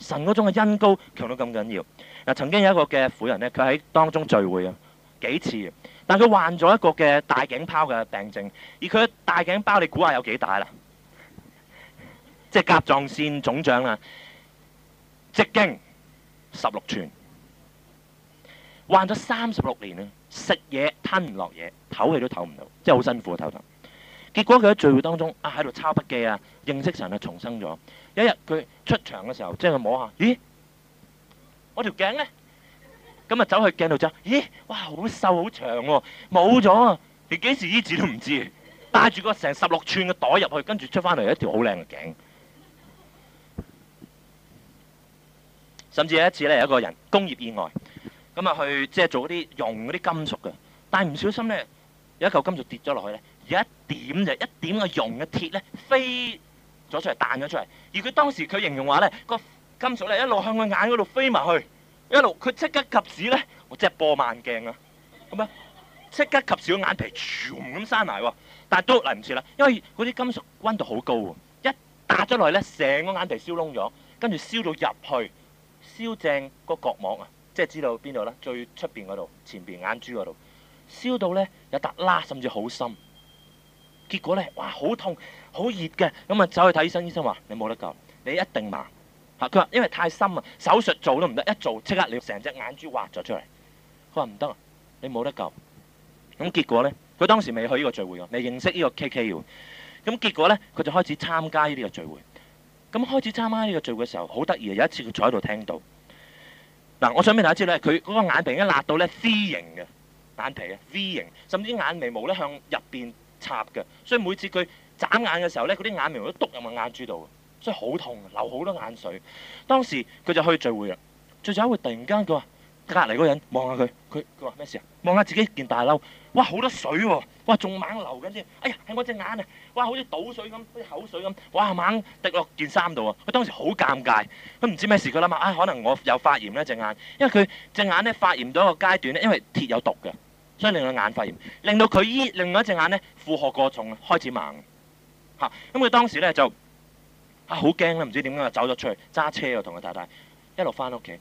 神嗰種嘅恩膏強到咁緊要。嗱、啊，曾經有一個嘅婦人呢，佢喺當中聚會啊幾次，但係佢患咗一個嘅大頸泡嘅病症，而佢大頸泡，你估下有幾大啦、啊？即係甲狀腺腫脹啊！直徑十六寸，患咗三十六年啦，食嘢吞唔落嘢，唞氣都唞唔到，真係好辛苦唞得。結果佢喺聚會當中啊，喺度抄筆記啊，認識神啊，重生咗。有一日佢出場嘅時候，即係佢摸下，咦，我條頸呢，咁啊走去鏡度就，咦，哇，好瘦好長喎，冇咗啊，連幾時醫治都唔知，帶住個成十六寸嘅袋入去，跟住出翻嚟，一條好靚嘅頸。甚至有一次咧，有個人工業意外，咁啊去即係做嗰啲熔嗰啲金屬嘅，但係唔小心咧，有一嚿金屬跌咗落去咧，一點就一點個熔嘅鐵咧飛咗出嚟、彈咗出嚟。而佢當時佢形容話咧，個金屬咧一路向佢眼嗰度飛埋去，一路佢即刻及時咧，我即係播慢鏡啊，咁啊即刻及時個眼皮全咁閂埋喎，但係都嚟唔切啦，因為嗰啲金屬溫度好高喎，一打咗落去咧，成個眼皮燒窿咗，跟住燒到入去。燒正個角膜啊，即係知道邊度啦，最出面嗰度，前面眼珠嗰度，燒到呢，有笪拉，甚至好深，結果呢，哇，好痛，好熱嘅，咁啊走去睇醫生，醫生話你冇得救，你一定盲嚇，佢話因為太深啊，手術做都唔得，一做即刻你成隻眼珠挖咗出嚟，佢話唔得，你冇得救，咁結果呢，佢當時未去呢個聚會㗎，未認識呢個 K K 㗎，咁結果呢，佢就開始參加呢個聚會，咁開始參加呢個聚會嘅時候，好得意啊，有一次佢坐喺度聽到。嗱，我想問大家知咧，佢嗰個眼皮已咧辣到咧 V 型嘅眼皮啊，V 型，甚至眼眉毛咧向入邊插嘅，所以每次佢眨眼嘅時候咧，嗰啲眼眉毛都篤入個眼珠度，所以好痛，流好多眼水。當時佢就去聚會啊，聚會突然間佢話，隔離嗰人望下佢，佢佢話咩事啊？望下自己件大褸，哇好多水喎、啊，哇仲猛流緊先，哎呀係我隻眼啊！哇！好似倒水咁，好似口水咁，哇猛滴落件衫度啊！佢當時好尷尬，佢唔知咩事，佢諗下啊，可能我有發炎呢隻眼，因為佢隻眼咧發炎到一個階段咧，因為鐵有毒嘅，所以令到眼發炎，令到佢依另外一隻眼咧負荷過重啊，開始盲。嚇、啊。咁、嗯、佢當時咧就啊好驚啦，唔知點解啊，走咗出去揸車啊，同佢太太一路翻屋企。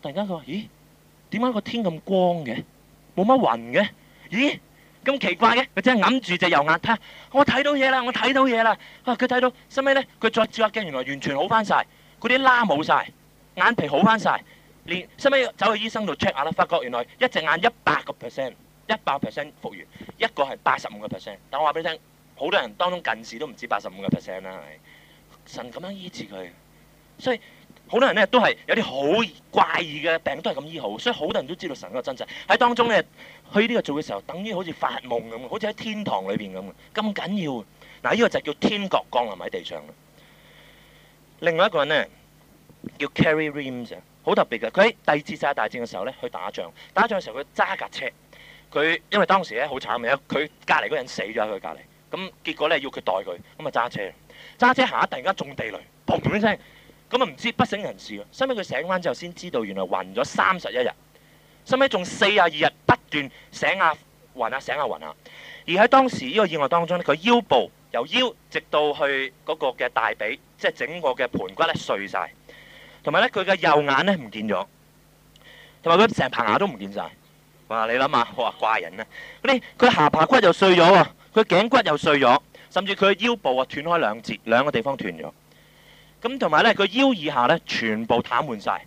突然間佢話：咦，點解個天咁光嘅，冇乜雲嘅？咦！咁奇怪嘅，佢真係揞住隻右眼睇，我睇到嘢啦，我睇到嘢啦。哇、啊，佢睇到，收尾咧，佢再照下鏡，原來完全好翻晒。嗰啲瘌冇晒，眼皮好翻晒。連收尾走去醫生度 check 下啦，發覺原來一隻眼一百個 percent，一百 percent 復原，一個係八十五個 percent。但我話俾你聽，好多人當中近視都唔止八十五個 percent 啦。係咪神咁樣醫治佢，所以好多人咧都係有啲好怪異嘅病都係咁醫好，所以好多人都知道神嗰個真實喺當中咧。去呢個做嘅時候，等於好似發夢咁，好似喺天堂裏邊咁咁緊要，啊，嗱，啊，呢個就叫天國降臨喺地上。另外一個人呢，叫 Carey Reams 好特別嘅。佢喺第二次世界大戰嘅時候呢，去打仗，打仗嘅時候佢揸架車，佢因為當時咧好慘嘅，佢隔離嗰人死咗喺佢隔離，咁結果呢，要佢代佢，咁啊揸車，揸車行下，突然間中地雷，砰一聲，咁啊唔知不省人事咯。後尾佢醒翻之後先知道，原來暈咗三十一日。收尾仲四十二日不斷醒下暈啊醒下暈啊！而喺當時呢個意外當中呢，佢腰部，由腰直到去嗰個嘅大髀，即係整個嘅盤骨咧碎晒。同埋咧佢嘅右眼咧唔見咗，同埋佢成棚牙都唔見晒。哇！你諗下，好話怪人咧、啊，佢佢下巴骨又碎咗喎，佢頸骨又碎咗，甚至佢腰部啊斷開兩截，兩個地方斷咗。咁同埋咧，佢腰以下咧全部癱瘓晒。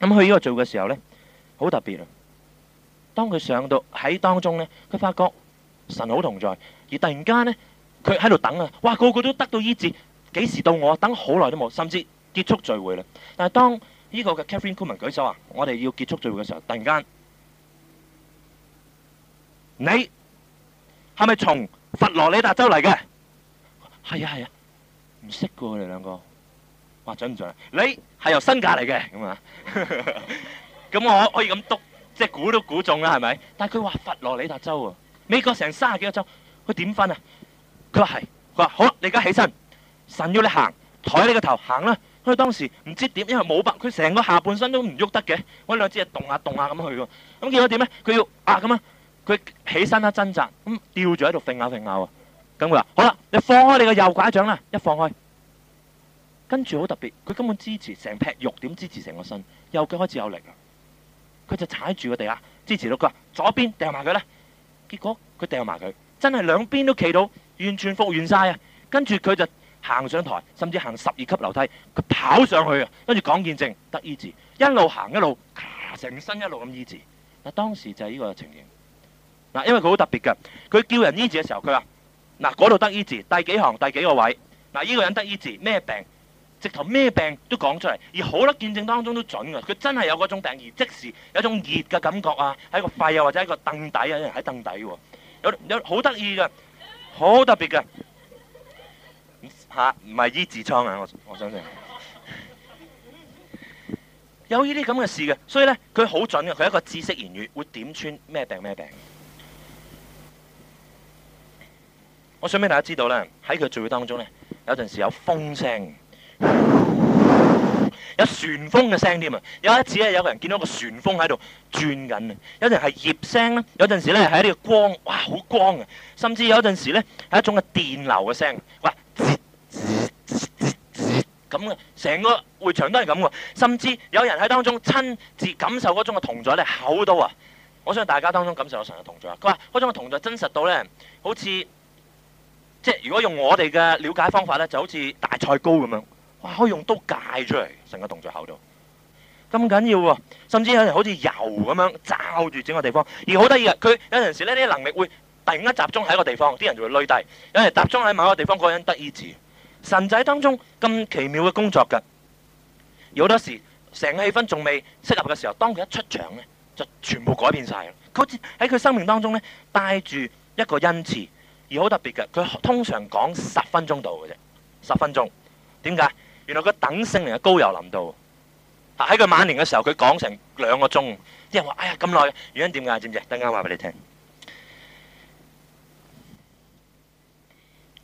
咁去呢個做嘅時候咧，好特別啊！當佢上到喺當中咧，佢發覺神好同在，而突然間咧，佢喺度等啊！哇，個個都得到醫治，幾時到我？等好耐都冇，甚至結束聚會啦。但係當呢個嘅 Kathryn Kuhlman 舉手話：我哋要結束聚會嘅時候，突然間你係咪從佛羅里達州嚟嘅？係啊係啊，唔識過佢哋兩個。準唔準？你係由新界嚟嘅，咁啊，咁我可以咁篤，即係估都估中啦，係咪？但係佢話佛羅里達州喎，美國成三十幾個州，佢點分啊？佢話係，佢話好啦，你而家起身，神要你行，抬起你個頭行啦。佢當時唔知點，因為冇膊，佢成個下半身都唔喐得嘅，我兩隻嘢動下動下咁去喎。咁結果點咧？佢要啊咁啊，佢起身啦，掙扎，咁吊住喺度揈下揈下喎。咁佢話：好啦，你放開你個右拐杖啦，一放開。跟住好特別，佢根本支持成劈肉，點支持成個身？右腳開始有力啦，佢就踩住個地下支持到佢。左邊掟埋佢啦，結果佢掟埋佢，真係兩邊都企到，完全復原晒啊！跟住佢就行上台，甚至行十二級樓梯，佢跑上去啊！跟住講見證得醫治，一路行一路、呃，成身一路咁醫治。嗱，當時就係呢個情形。嗱，因為佢好特別嘅，佢叫人醫治嘅時候，佢話：嗱，嗰度得醫治，第幾行第幾個位？嗱，呢個人得醫治咩病？直頭咩病都講出嚟，而好多見證當中都準嘅，佢真係有嗰種病，而即時有一種熱嘅感覺啊，喺個肺啊，或者喺個凳底，有人喺凳底喎，有有好得意嘅，好特別嘅嚇，唔係醫痔瘡啊，我我相信有呢啲咁嘅事嘅，所以呢佢好準嘅，佢係一個知識言語會點穿咩病咩病。我想俾大家知道咧，喺佢聚會當中呢，有陣時有風聲。有旋風嘅聲添啊！有一次咧，有個人見到個旋風喺度轉緊啊！有陣係葉聲啦，有陣時咧係呢個光，哇，好光啊！甚至有陣時咧係一種嘅電流嘅聲，喂，咁啊，成個會場都係咁嘅。甚至有人喺當中親自感受嗰種嘅同在咧，厚到啊！我相信大家當中感受咗成個同在啦。佢話嗰種嘅同在真實到呢，好似即係如果用我哋嘅了解方法呢，就好似大菜糕咁樣。可以用刀戒出嚟，成個動作喺度，咁緊要喎、啊。甚至有人好似油咁樣罩住整個地方，而好得意嘅佢有陣時呢啲能力會突然間集中喺一個地方，啲人就會累低；有人集中喺某個地方，嗰、那個、人得恩慈。神仔當中咁奇妙嘅工作㗎。有好多時成個氣氛仲未適合嘅時候，當佢一出場呢，就全部改變晒。佢好似喺佢生命當中呢，帶住一個恩慈，而好特別嘅佢通常講十分鐘度嘅啫，十分鐘。點解？原來個等性人嘅高油林道，喺佢晚年嘅時候，佢講成兩個鐘，啲人話：，哎呀咁耐，原因點解？知唔知？等間話俾你聽。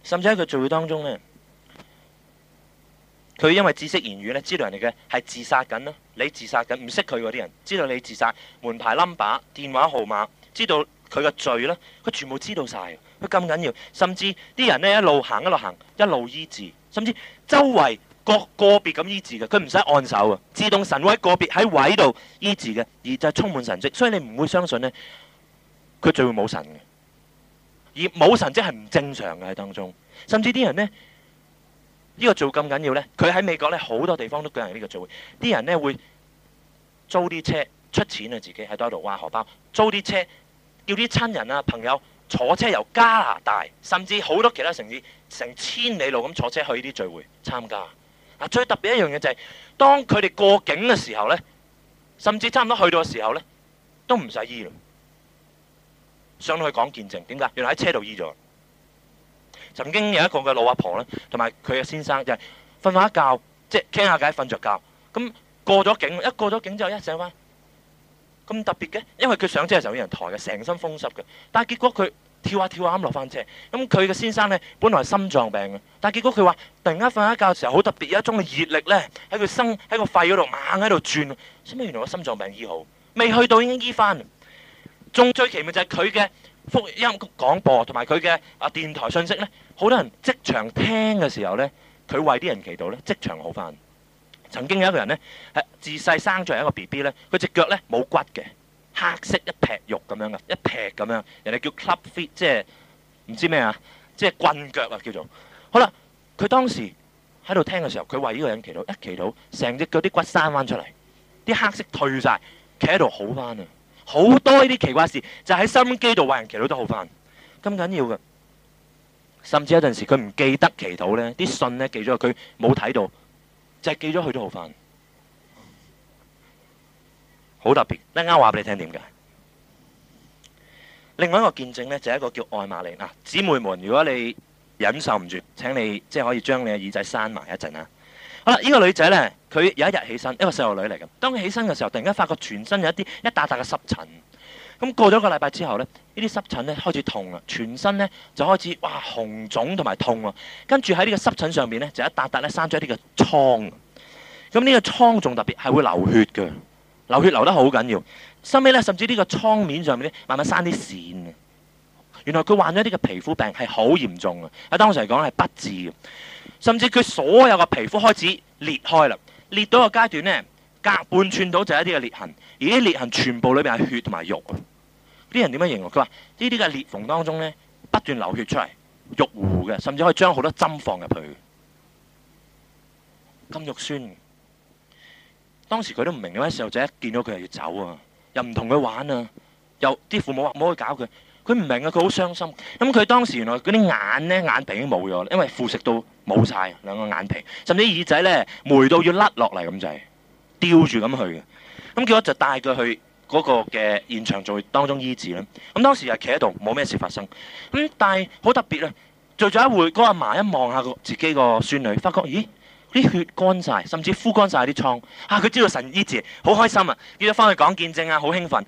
甚至喺佢聚會當中呢，佢因為知識言語呢，知道人哋嘅係自殺緊啦，你自殺緊，唔識佢嗰啲人知道你自殺，門牌 number、電話號碼，知道佢嘅罪啦，佢全部知道晒，佢咁緊要，甚至啲人呢一路行一路行，一路醫治，甚至周圍。個個別咁醫治嘅，佢唔使按手啊，自動神位個別喺位度醫治嘅，而就係充滿神跡，所以你唔會相信呢，佢聚會冇神嘅，而冇神跡係唔正常嘅喺當中。甚至啲人呢，呢、呢個做咁緊要呢，佢喺美國呢好多地方都舉行呢個聚會，啲人呢會租啲車出錢啊，自己喺度度挖荷包，租啲車叫啲親人啊朋友，坐車由加拿大甚至好多其他城市成千里路咁坐車去呢啲聚會參加。嗱，最特別的一樣嘢就係、是，當佢哋過境嘅時候咧，甚至差唔多去到嘅時候咧，都唔使醫啦。上去講見證點解？原來喺車度醫咗。曾經有一個嘅老阿婆咧，同埋佢嘅先生就係瞓下一覺，即係傾下偈瞓着覺，咁過咗境，一過咗境之後一醒翻，咁特別嘅，因為佢上車嘅時候有人抬嘅，成身風濕嘅，但係結果佢，跳下跳下咁落翻車，咁佢嘅先生咧本來係心臟病嘅，但係結果佢話突然間瞓一覺嘅時候好特別，有一種嘅熱力咧喺佢身喺個肺嗰度猛喺度轉，所以原來我心臟病醫好，未去到已經醫翻。仲最奇妙就係佢嘅福音廣播同埋佢嘅啊電台信息咧，好多人即場聽嘅時候咧，佢為啲人祈禱咧，即場好翻。曾經有一個人咧係自細生咗一個 BB 咧，佢隻腳咧冇骨嘅。黑色一劈肉咁樣嘅，一劈咁樣，人哋叫 club feet，即係唔知咩啊，即係棍腳啊叫做。好啦，佢當時喺度聽嘅時候，佢為呢個人祈禱，一祈禱，成隻腳啲骨生翻出嚟，啲黑色退晒，企喺度好翻啊！好多呢啲奇怪事，就喺、是、收音機度為人祈禱都好翻，咁緊要噶。甚至有陣時佢唔記得祈禱咧，啲信咧寄咗佢，冇睇到，就係寄咗佢都好翻。好特別，一啱話俾你聽點解。另外一個見證呢，就係、是、一個叫愛瑪莉嗱，姊、啊、妹們，如果你忍受唔住，請你即係、就是、可以將你嘅耳仔閂埋一陣啦。好啦，呢、這個女仔呢，佢有一日起身，一個細路女嚟嘅。當佢起身嘅時候，突然間發覺全身有一啲一笪笪嘅濕疹。咁過咗一個禮拜之後呢，呢啲濕疹呢開始痛啦，全身呢就開始哇紅腫同埋痛啊。跟住喺呢個濕疹上面呢，就一笪笪咧生咗一啲嘅瘡。咁呢個瘡仲特別係會流血嘅。流血流得好緊要，收尾咧甚至呢個瘡面上面咧慢慢生啲線啊！原來佢患咗一啲嘅皮膚病係好嚴重啊！喺當時嚟講係不治嘅，甚至佢所有嘅皮膚開始裂開啦，裂到嘅階段呢，隔半寸到就一啲嘅裂痕，而啲裂痕全部裏面係血同埋肉啊！啲人點樣形容？佢話：呢啲嘅裂縫當中呢，不斷流血出嚟，肉糊嘅，甚至可以將好多針放入去，金玉酸。當時佢都唔明，嗰啲細路仔一見到佢又要走啊，又唔同佢玩啊，又啲父母話冇去搞佢，佢唔明啊，佢好傷心。咁、嗯、佢當時原來嗰啲眼咧眼皮已經冇咗，因為腐蝕到冇晒，兩個眼皮，甚至耳仔咧霉到要甩落嚟咁滯，吊住咁去嘅。咁、嗯、結果就帶佢去嗰個嘅現場做當中醫治啦。咁、嗯、當時係企喺度冇咩事發生，咁、嗯、但係好特別咧、啊，做咗一會，嗰阿嫲一望下個自己個孫女，發覺咦？啲血乾晒，甚至枯乾晒啲瘡。啊，佢知道神醫治，好開心啊！叫咗翻去講見證啊，好興奮。咁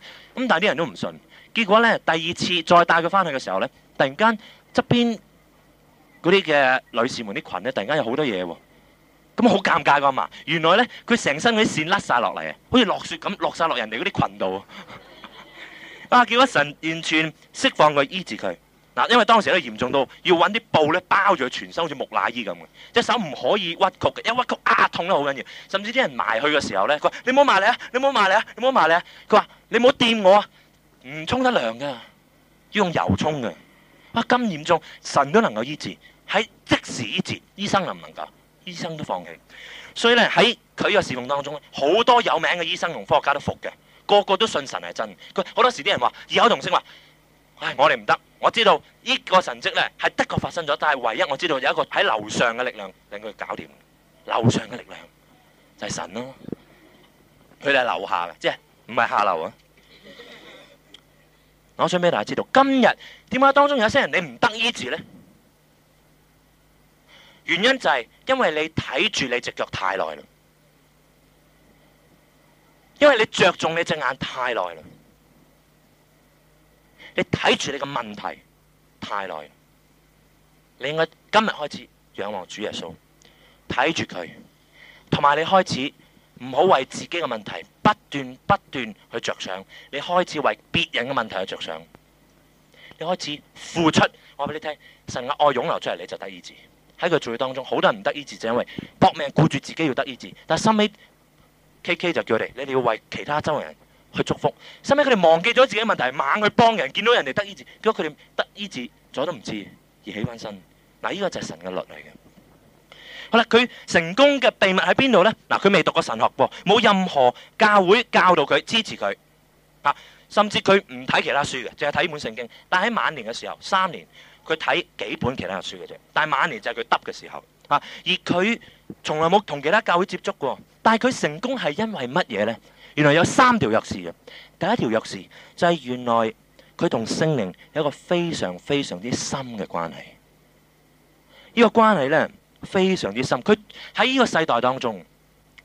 但係啲人都唔信。結果呢，第二次再帶佢翻去嘅時候呢，突然間側邊嗰啲嘅女士們啲裙呢，突然間有好多嘢喎、啊。咁好尷尬㗎、啊、嘛！原來呢，佢成身嗰啲線甩晒落嚟啊，好似落雪咁落晒落人哋嗰啲裙度。啊，結果神完全釋放佢醫治佢。嗱，因為當時咧嚴重到要搵啲布咧包住佢全身，好似木乃伊咁嘅，隻手唔可以屈曲嘅，一屈曲啊痛得好緊要。甚至啲人埋去嘅時候咧，佢話：你唔好埋嚟啊，你唔好埋嚟啊，你唔好埋嚟。佢話：你唔好掂我啊，唔沖得涼嘅，要用油沖嘅。哇、啊，咁嚴重，神都能夠醫治，喺即時醫治，醫生能唔能夠？醫生都放棄。所以咧喺佢個侍奉當中好多有名嘅醫生同科學家都服嘅，個個都信神係真。好多時啲人話異口同聲話。唉，我哋唔得。我知道呢個神蹟呢，係的確發生咗，但係唯一我知道有一個喺樓上嘅力量令佢搞掂。樓上嘅力量就係神咯。佢哋係樓下嘅，即係唔係下流啊！我想俾大家知道，今日點解當中有些人你唔得醫治呢？原因就係因為你睇住你隻腳太耐啦，因為你着重你隻眼太耐啦。你睇住你嘅問題太耐，你應該今日開始仰望主耶穌，睇住佢，同埋你開始唔好為自己嘅問題不斷不斷去着想，你開始為別人嘅問題去着想，你開始付出。我話俾你聽，神嘅愛湧流出嚟，你就得醫治。喺佢聚會當中，好多人唔得醫治，就是、因為搏命顧住自己要得醫治。但係後尾 K K 就叫你，你哋要為其他周圍人。去祝福，收尾佢哋忘記咗自己嘅問題，猛去幫人，見到人哋得醫治，結果佢哋得醫治咗都唔知，而起翻身。嗱，呢個就係神嘅律嚟嘅。好啦，佢成功嘅秘密喺邊度咧？嗱，佢未讀過神學，冇任何教會教導佢、支持佢，啊，甚至佢唔睇其他書嘅，淨係睇本聖經。但喺晚年嘅時候，三年佢睇幾本其他嘅書嘅啫。但係晚年就係佢得嘅時候，啊，而佢從來冇同其他教會接觸過。但係佢成功係因為乜嘢咧？原來有三條鑰匙嘅第一條鑰匙就係、是、原來佢同聖靈有一個非常非常之深嘅關係。呢、這個關係呢，非常之深，佢喺呢個世代當中，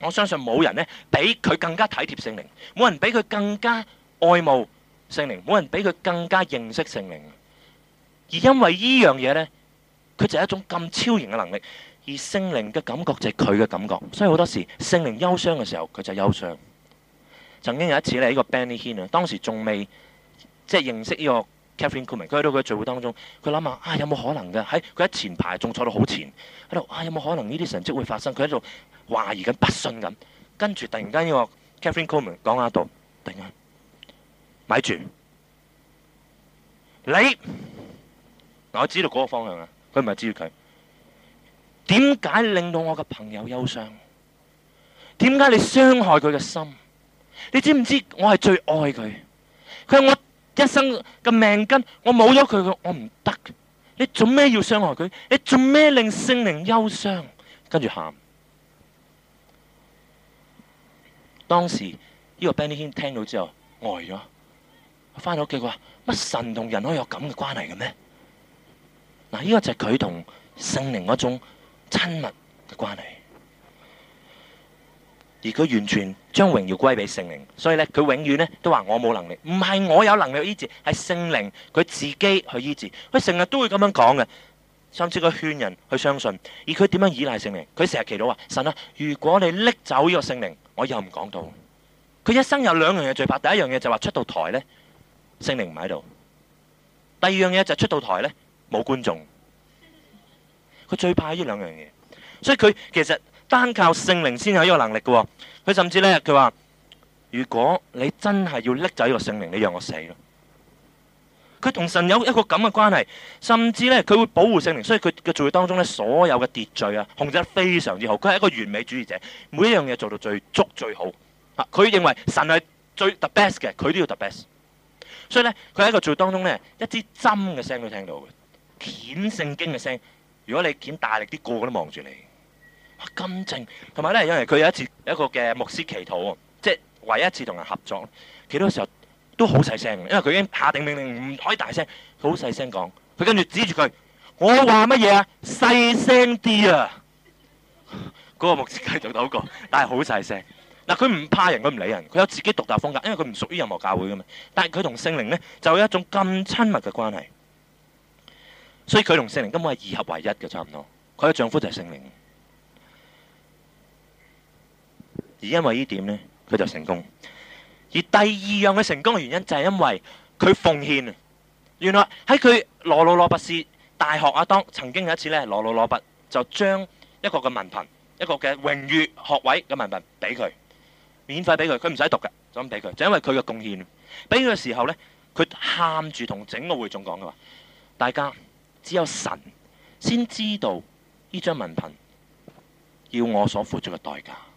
我相信冇人呢比佢更加體貼聖靈，冇人比佢更加愛慕聖靈，冇人比佢更加認識聖靈。而因為呢樣嘢呢，佢就係一種咁超然嘅能力。而聖靈嘅感覺就係佢嘅感覺，所以好多時聖靈憂傷嘅時候，佢就憂傷。曾經有一次咧，呢、這個 Benny Hinn 啊，當時仲未即係認識呢個 Kathryn Coleman，佢喺到佢嘅聚會當中，佢諗下啊，有冇可能㗎？喺佢喺前排仲坐到好前，喺度啊，有冇可能呢啲神蹟會發生？佢喺度懷疑緊、不信緊，跟住突然間呢個 Kathryn Coleman 講喺度，突然間咪住你，嗱，我知道嗰個方向啊，佢唔係指住佢，點解令到我嘅朋友憂傷？點解你傷害佢嘅心？你知唔知我係最愛佢？佢係我一生嘅命根，我冇咗佢我我唔得。你做咩要傷害佢？你做咩令聖靈憂傷？跟住喊。當時呢個 Benny Hinn 聽到之後呆咗，翻到屋企佢話：乜神同人可以有咁嘅關係嘅咩？嗱，呢個就係佢同聖靈嗰種親密嘅關係。而佢完全將榮耀歸俾聖靈，所以咧佢永遠咧都話我冇能力，唔係我有能力醫治，係聖靈佢自己去醫治。佢成日都會咁樣講嘅，甚至佢勸人去相信。而佢點樣依賴聖靈？佢成日祈禱話神啊！如果你拎走呢個聖靈，我又唔講到。佢一生有兩樣嘢最怕，第一樣嘢就話出到台呢，聖靈唔喺度；第二樣嘢就係出到台呢，冇觀眾。佢最怕呢兩樣嘢，所以佢其實。單靠聖靈先有呢個能力嘅。哦，佢甚至呢，佢話：如果你真係要拎走呢個聖靈，你讓我死咯！佢同神有一個咁嘅關係，甚至呢，佢會保護聖靈，所以佢嘅聚會當中呢，所有嘅秩序啊，控制得非常之好。佢係一個完美主義者，每一樣嘢做到最足最好。佢認為神係最 the best 嘅，佢都要 the best。所以呢，佢喺一個聚會當中呢，一支針嘅聲都聽到嘅，掀聖經嘅聲。如果你掀大力啲，個個都望住你。咁正，同埋咧，因為佢有一次一個嘅牧師祈禱，即係唯一一次同人合作。其他時候都好細聲，因為佢已經下定命令唔可以大聲，佢好細聲講。佢跟住指住佢，我話乜嘢啊？細聲啲啊！嗰 個牧師祈禱好過，但係好細聲。嗱、啊，佢唔怕人，佢唔理人，佢有自己獨特風格，因為佢唔屬於任何教會㗎嘛。但係佢同聖靈呢，就有一種咁親密嘅關係，所以佢同聖靈根本係二合為一嘅，差唔多。佢嘅丈夫就係聖靈。而因為呢點呢，佢就成功。而第二樣嘅成功嘅原因就係、是、因為佢奉獻。原來喺佢羅老羅拔士大學啊，當曾經有一次呢，羅老羅拔就將一個嘅文憑、一個嘅榮譽學位嘅文憑俾佢，免費俾佢，佢唔使讀嘅，就咁俾佢，就因為佢嘅貢獻。俾佢嘅時候呢，佢喊住同整個會眾講嘅話：嘩，大家只有神先知道呢張文憑要我所付出嘅代價。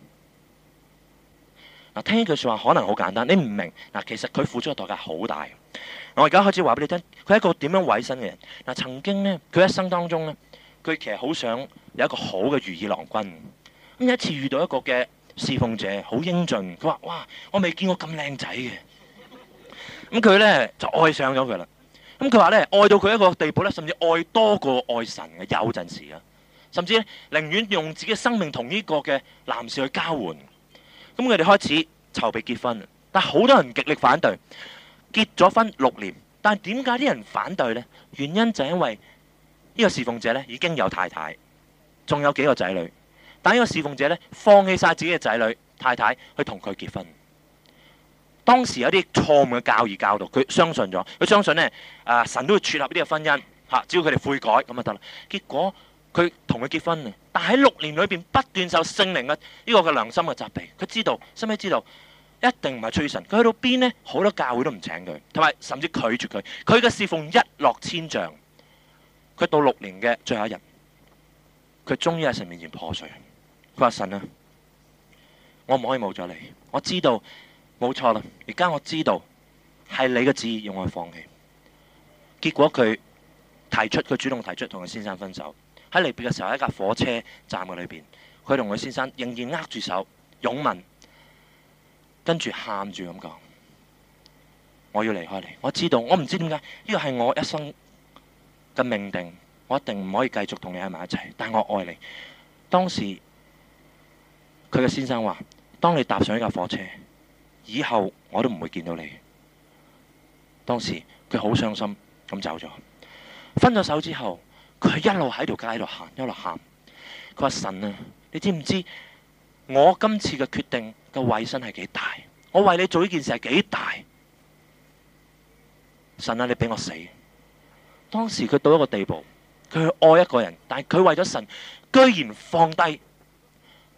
嗱，聽呢句話可能好簡單，你唔明嗱。其實佢付出嘅代價好大。我而家開始話俾你聽，佢係一個點樣委身嘅人。嗱，曾經呢，佢一生當中呢，佢其實好想有一個好嘅如意郎君。咁有一次遇到一個嘅侍奉者，好英俊，佢話：哇，我未見過咁靚仔嘅。咁佢呢，就愛上咗佢啦。咁佢話咧愛到佢一個地步咧，甚至愛多過愛神嘅有陣時啊，甚至寧願用自己嘅生命同呢個嘅男士去交換。咁佢哋開始籌備結婚，但好多人極力反對。結咗婚六年，但點解啲人反對呢？原因就因為呢個侍奉者已經有太太，仲有幾個仔女。但呢個侍奉者放棄晒自己嘅仔女、太太，去同佢結婚。當時有啲錯誤嘅教義教導，佢相信咗，佢相信呢、啊、神都會撮合呢個婚姻嚇，只要佢哋悔改咁就得啦。結果。佢同佢結婚啊，但喺六年裏邊不斷受聖靈嘅呢個嘅良心嘅責備。佢知道，心裏知道一定唔係吹神。佢去到邊呢，好多教會都唔請佢，同埋甚至拒絕佢。佢嘅侍奉一落千丈。佢到六年嘅最後一日，佢終於喺神面前破碎。佢話：神啊，我唔可以冇咗你。我知道冇錯啦，而家我知道係你嘅旨意要我放棄。結果佢提出佢主動提出同佢先生分手。喺離別嘅時候，喺架火車站嘅裏邊，佢同佢先生仍然握住手，勇問，跟住喊住咁講：我要離開你，我知道，我唔知點解呢個係我一生嘅命定，我一定唔可以繼續同你喺埋一齊。但我愛你。當時佢嘅先生話：當你搭上呢架火車，以後我都唔會見到你。當時佢好傷心，咁走咗。分咗手之後。佢一路喺條街度行，一路喊。佢話神啊，你知唔知道我今次嘅決定嘅委身係幾大？我為你做呢件事係幾大？神啊，你俾我死！當時佢到一個地步，佢去愛一個人，但係佢為咗神，居然放低。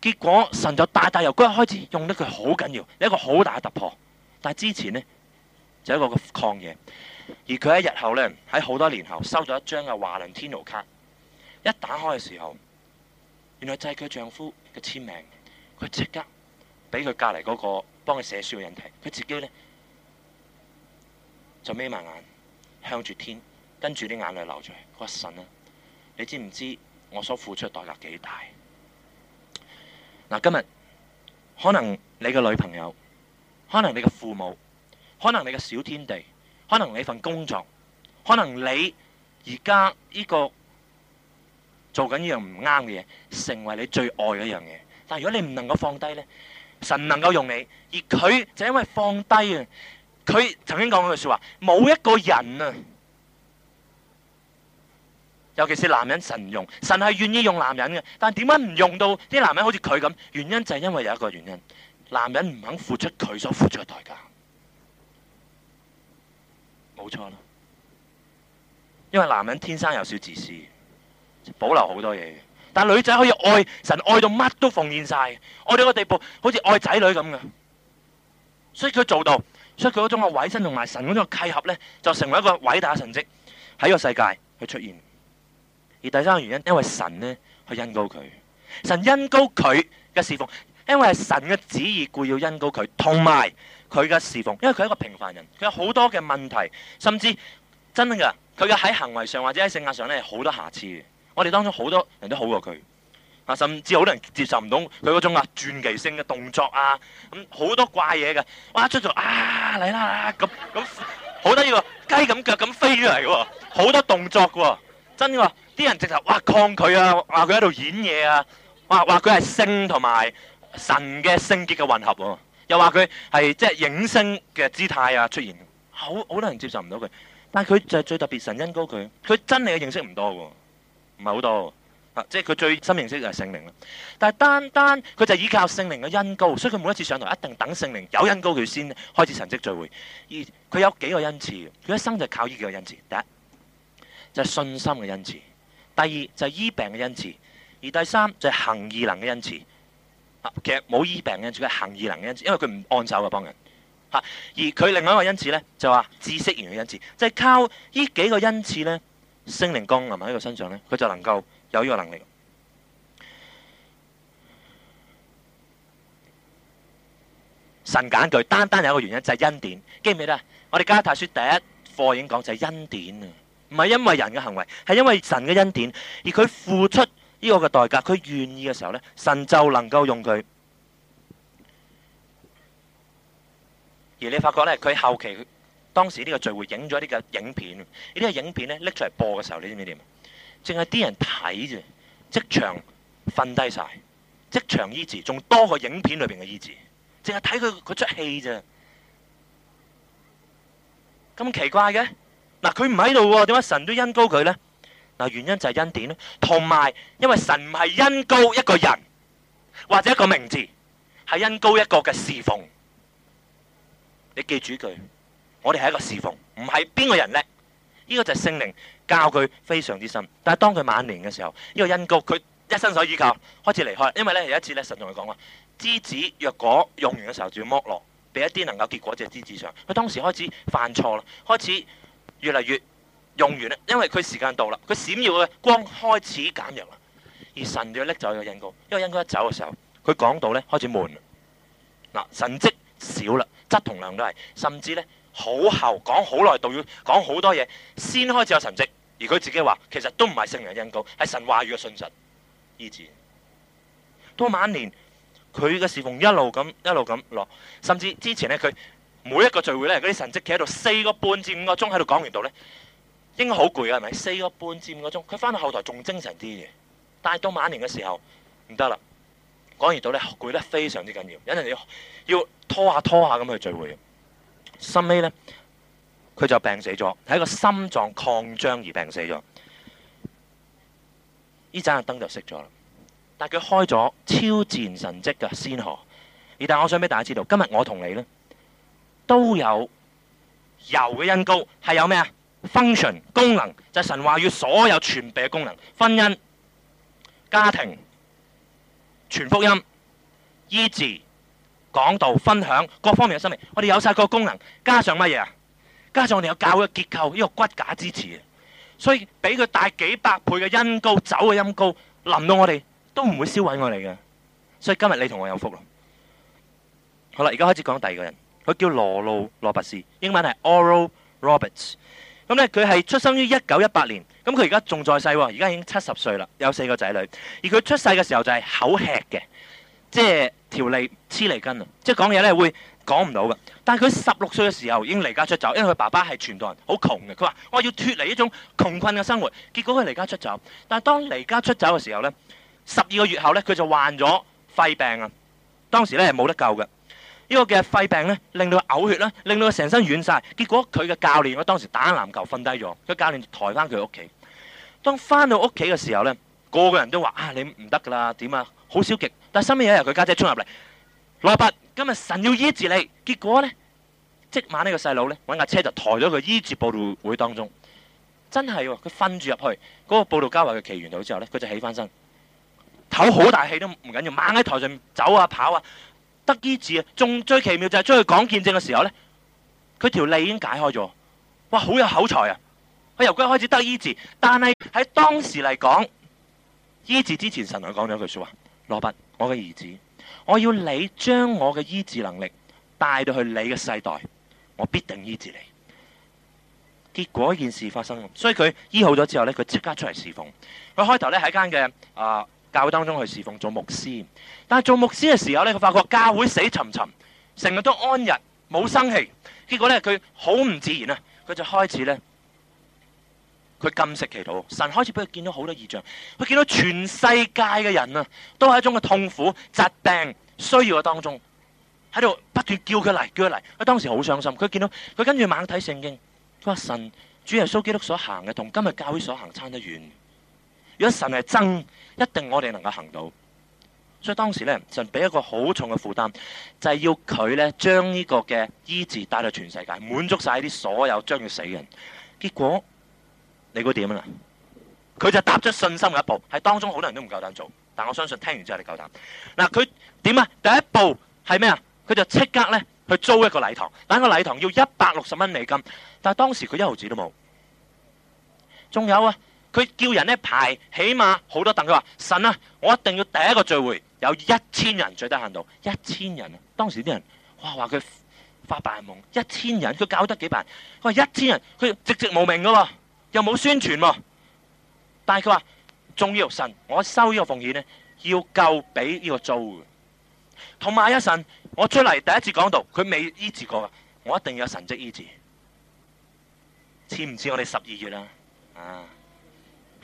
結果神就大大由嗰日開始用得佢好緊要，有一個好大嘅突破。但係之前呢，就一個，一個抗嘢。而佢喺日後呢，喺好多年後收咗一張嘅華倫天奴卡，一打開嘅時候，原來就係佢丈夫嘅簽名。佢即刻俾佢隔籬嗰個幫佢寫書嘅人睇，佢自己呢，就眯埋眼，向住天，跟住啲眼淚流出嚟，個神啊，你知唔知我所付出嘅代價幾大？嗱，今日可能你嘅女朋友，可能你嘅父母，可能你嘅小天地。可能你份工作，可能你而家呢個做緊呢樣唔啱嘅嘢，成為你最愛嘅一樣嘢。但係如果你唔能夠放低呢，神能夠用你，而佢就因為放低啊。佢曾經講過句說話：冇一個人啊，尤其是男人，神用神係願意用男人嘅，但係點解唔用到啲男人好似佢咁？原因就係因為有一個原因，男人唔肯付出佢所付出嘅代價。冇錯，因為男人天生有少自私，保留好多嘢，但女仔可以愛神，愛到乜都奉獻晒，愛到個地步，好似愛仔女咁嘅。所以佢做到，所以佢嗰種嘅委身同埋神嗰種嘅契合呢，就成為一個偉大嘅神跡喺個世界去出現。而第三個原因，因為神呢去恩高佢，神恩高佢嘅侍奉，因為神嘅旨意故意要恩高佢，同埋。佢嘅侍奉，因為佢係一個平凡人，佢有好多嘅問題，甚至真嘅，佢嘅喺行為上或者喺性格上咧，好多瑕疵嘅。我哋當中好多人都好過佢啊，甚至好多人接受唔到佢嗰種啊傳奇性嘅動作啊，咁好多怪嘢嘅，哇出咗啊嚟啦，咁咁好得意喎，雞咁腳咁飛出嚟喎，好多動作嘅喎，真喎，啲人直頭哇抗拒啊，話佢喺度演嘢啊，話話佢係聖同埋神嘅聖潔嘅混合喎、啊。又話佢係即係隱身嘅姿態啊出現，好好多人接受唔到佢。但係佢就係最特別神恩膏佢，佢真理嘅認識唔多喎，唔係好多。啊，即係佢最深的認識就係聖靈啦。但係單單佢就係依靠聖靈嘅恩膏，所以佢每一次上台一定等聖靈有恩膏佢先開始神跡聚會。而佢有幾個恩賜，佢一生就靠呢幾個恩賜。第一就係信心嘅恩賜，第二就係醫病嘅恩賜，而第三就係行異能嘅恩賜。其實冇醫病嘅，主要係行異能嘅，因為佢唔按手嘅幫人。吓，而佢另外一個恩賜咧，就話知識源嘅恩賜，就係靠呢幾個恩賜咧，聖靈降臨喺佢身上咧，佢就能夠有呢個能力。神揀佢，單單有一個原因就係恩典。記唔記得？我哋加太書第一課已經講就係恩典啊，唔係因為人嘅行為，係因為神嘅恩典，而佢付出。呢個嘅代價，佢願意嘅時候咧，神就能夠用佢。而你發覺咧，佢後期當時呢個聚會影咗啲嘅影片，呢啲嘅影片咧拎出嚟播嘅時候，你知唔知點？淨係啲人睇啫，即場瞓低曬，即場醫治仲多過影片裏邊嘅醫治，淨係睇佢佢出戲啫。咁奇怪嘅，嗱佢唔喺度喎，點解神都恩高佢咧？嗱，原因就係恩典，咧？同埋因為神唔係恩高一個人，或者一個名字，係恩高一個嘅侍奉。你記住佢我哋係一個侍奉，唔係邊個人叻。呢個就係聖靈教佢非常之深。但係當佢晚年嘅時候，呢個恩高，佢一生所依靠開始離開，因為咧有一次咧，神同佢講話，枝子若果用完嘅時候，就要剝落，俾一啲能夠結果嘅枝子上。佢當時開始犯錯啦，開始越嚟越。用完咧，因為佢時間到啦，佢閃耀嘅光開始減弱啦。而神就要拎走佢嘅恩膏，因為恩膏一走嘅時候，佢講道咧開始悶啦。嗱，神跡少啦，質同量都係，甚至咧好後，講好耐，道要講好多嘢，先開始有神跡。而佢自己話，其實都唔係聖人恩膏，係神話語嘅信實。以至到晚年，佢嘅侍奉一路咁一路咁落，甚至之前咧佢每一個聚會咧，嗰啲神跡企喺度四個半至五個鐘喺度講完道咧。應該好攰呀，係咪四個半至五個鐘？佢返到後台仲精神啲嘅，但係到晚年嘅時候唔得啦。講完到咧，攰得非常之緊要，有人要要拖下拖下咁去聚會。後尾咧，佢就病死咗，係一個心臟擴張而病死咗。呢盞燈就熄咗啦，但係佢開咗超自然神跡嘅先河。而但係我想俾大家知道，今日我同你咧都有油嘅因高，係有咩啊？Function 功能就係、是、神話與所有傳備嘅功能，婚姻、家庭、傳福音、醫治、講道、分享各方面嘅生命，我哋有晒個功能，加上乜嘢啊？加上我哋有教會嘅結構，呢個骨架支持啊！所以俾佢大幾百倍嘅恩膏，走嘅恩膏，臨到我哋都唔會燒毀我哋嘅。所以今日你同我有福啦。好啦，而家開始講第二個人，佢叫羅路羅拔斯，英文係 Oral Roberts。咁咧，佢係、嗯、出生於一九一八年，咁佢而家仲在世喎，而家已經七十歲啦，有四個仔女。而佢出世嘅時候就係口吃嘅，即係條脷黐脷筋。啊，即係講嘢咧會講唔到㗎。但佢十六歲嘅時候已經離家出走，因為佢爸爸係傳道人窮，好窮嘅。佢、哦、話：我要脫離一種窮困嘅生活。結果佢離家出走。但係當離家出走嘅時候咧，十二個月後咧，佢就患咗肺病啊。當時咧係冇得救㗎。呢個嘅肺病咧，令到佢嘔血啦，令到佢成身軟曬。結果佢嘅教練，佢當時打籃球瞓低咗，佢教練抬翻佢屋企。當翻到屋企嘅時候咧，個個人都話：啊，你唔得噶啦，點啊，好消極。但係身邊有一日佢家姐衝入嚟，羅伯，今日神要醫治你。結果咧，即晚呢個細佬咧揾架車就抬咗佢醫治布道會當中。真係喎，佢瞓住入去嗰個布道嘉賓嘅祈完禱之後咧，佢就起翻身，唞好大氣都唔緊要，猛喺台上面走啊跑啊！得醫治啊！仲最奇妙就係將佢講見證嘅時候呢，佢條脷已經解開咗，哇！好有口才啊！佢由骨開始得醫治，但係喺當時嚟講，醫治之前神同佢講咗一句說話：羅拔，我嘅兒子，我要你將我嘅醫治能力帶到去你嘅世代，我必定醫治你。結果件事發生，所以佢醫好咗之後呢，佢即刻出嚟侍奉。佢開頭呢喺間嘅啊。教會當中去侍奉做牧師，但係做牧師嘅時候咧，佢發覺教會死沉沉，成日都安逸，冇生氣。結果咧，佢好唔自然啊！佢就開始咧，佢禁食祈禱，神開始俾佢見到好多異象。佢見到全世界嘅人啊，都係一種嘅痛苦、疾病、需要嘅當中，喺度不斷叫佢嚟，叫佢嚟。佢當時好傷心，佢見到佢跟住猛睇聖經，佢話神主耶穌基督所行嘅，同今日教會所行差得遠。如果神係真，一定我哋能夠行到。所以當時咧，神俾一個好重嘅負擔，就係要佢咧將呢個嘅醫治帶到全世界，滿足晒啲所有將要死嘅人。結果你估點啊？佢就踏出信心嘅一步，係當中好多人都唔夠膽做，但我相信聽完之後你夠膽。嗱，佢點啊？第一步係咩啊？佢就即刻咧去租一個禮堂，但個禮堂要一百六十蚊美金，但係當時佢一毫子都冇，仲有啊？佢叫人咧排，起碼好多凳。佢話神啊，我一定要第一個聚會有一千人，最低限度一千人。當時啲人哇話佢發白夢，一千人佢搞得幾大。佢話一千人佢籍籍無名噶，又冇宣傳喎。但係佢話忠於神，我收呢個奉獻呢，要夠俾呢個租。同埋阿神，我出嚟第一次講道，佢未醫治過，我一定要有神蹟醫治。似唔似我哋十二月啊？啊！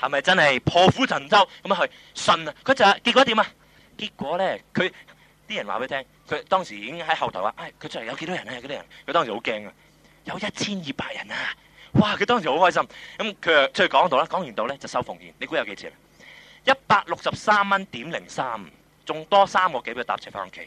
係咪真係破釜沉舟咁去信啊？佢就係結果點啊？結果咧，佢啲人話俾你聽，佢當時已經喺後台話：，唉、哎，佢出嚟有幾多人啊？有幾多人，佢當時好驚啊！有一千二百人啊！哇！佢當時好開心。咁佢出去講到啦，講完到咧就收奉獻，你估有幾錢？一百六十三蚊，點零三，仲多三個幾俾搭車翻屋企。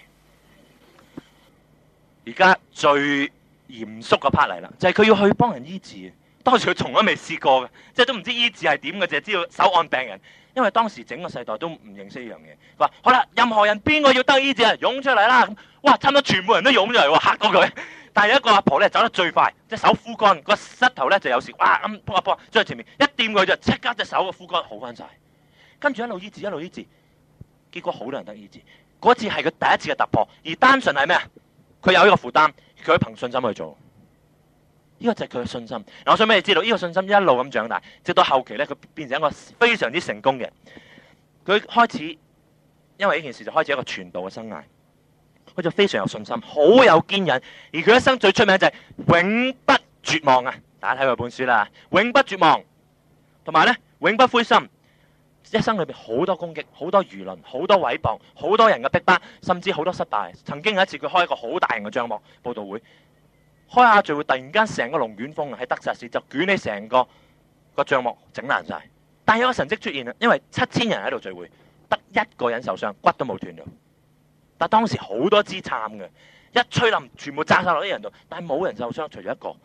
而家最嚴肅個 part 嚟啦，就係、是、佢要去幫人醫治。當時佢從來未試過嘅，即係都唔知醫治係點嘅，就係知道手按病人，因為當時整個世代都唔認識呢樣嘢。話好啦，任何人邊個要得醫治啊？湧出嚟啦！哇，差唔多全部人都湧出嚟喎，嚇到佢。但係有一個阿婆咧走得最快，隻手枯乾，個膝頭咧就有時哇咁撲一撲，去前面一掂佢就即刻隻手個枯乾好翻晒。跟住一路醫治一路醫治，結果好多人得醫治。嗰次係佢第一次嘅突破，而單純係咩啊？佢有呢個負擔，佢喺憑信心去做。呢個就係佢嘅信心。嗱，我想俾你知道，呢個信心一路咁長大，直到後期呢，佢變成一個非常之成功嘅。佢開始因為呢件事就開始一個傳道嘅生涯。佢就非常有信心，好有堅忍，而佢一生最出名的就係永不絕望啊！大家睇佢本書啦，永不絕望，同埋呢「永不灰心」。一生裏面好多攻擊、好多輿論、好多毀謗、好多人嘅逼迫，甚至好多失敗。曾經有一次佢開一個好大型嘅帳幕佈道會。開下聚會，突然間成個龍捲風喺德薩斯就捲起成個個帳幕整爛晒。但係有一個神蹟出現啊，因為七千人喺度聚會，得一個人受傷，骨都冇斷咗。但係當時好多支撐嘅，一吹冧，全部炸晒落啲人度，但係冇人受傷，除咗一個。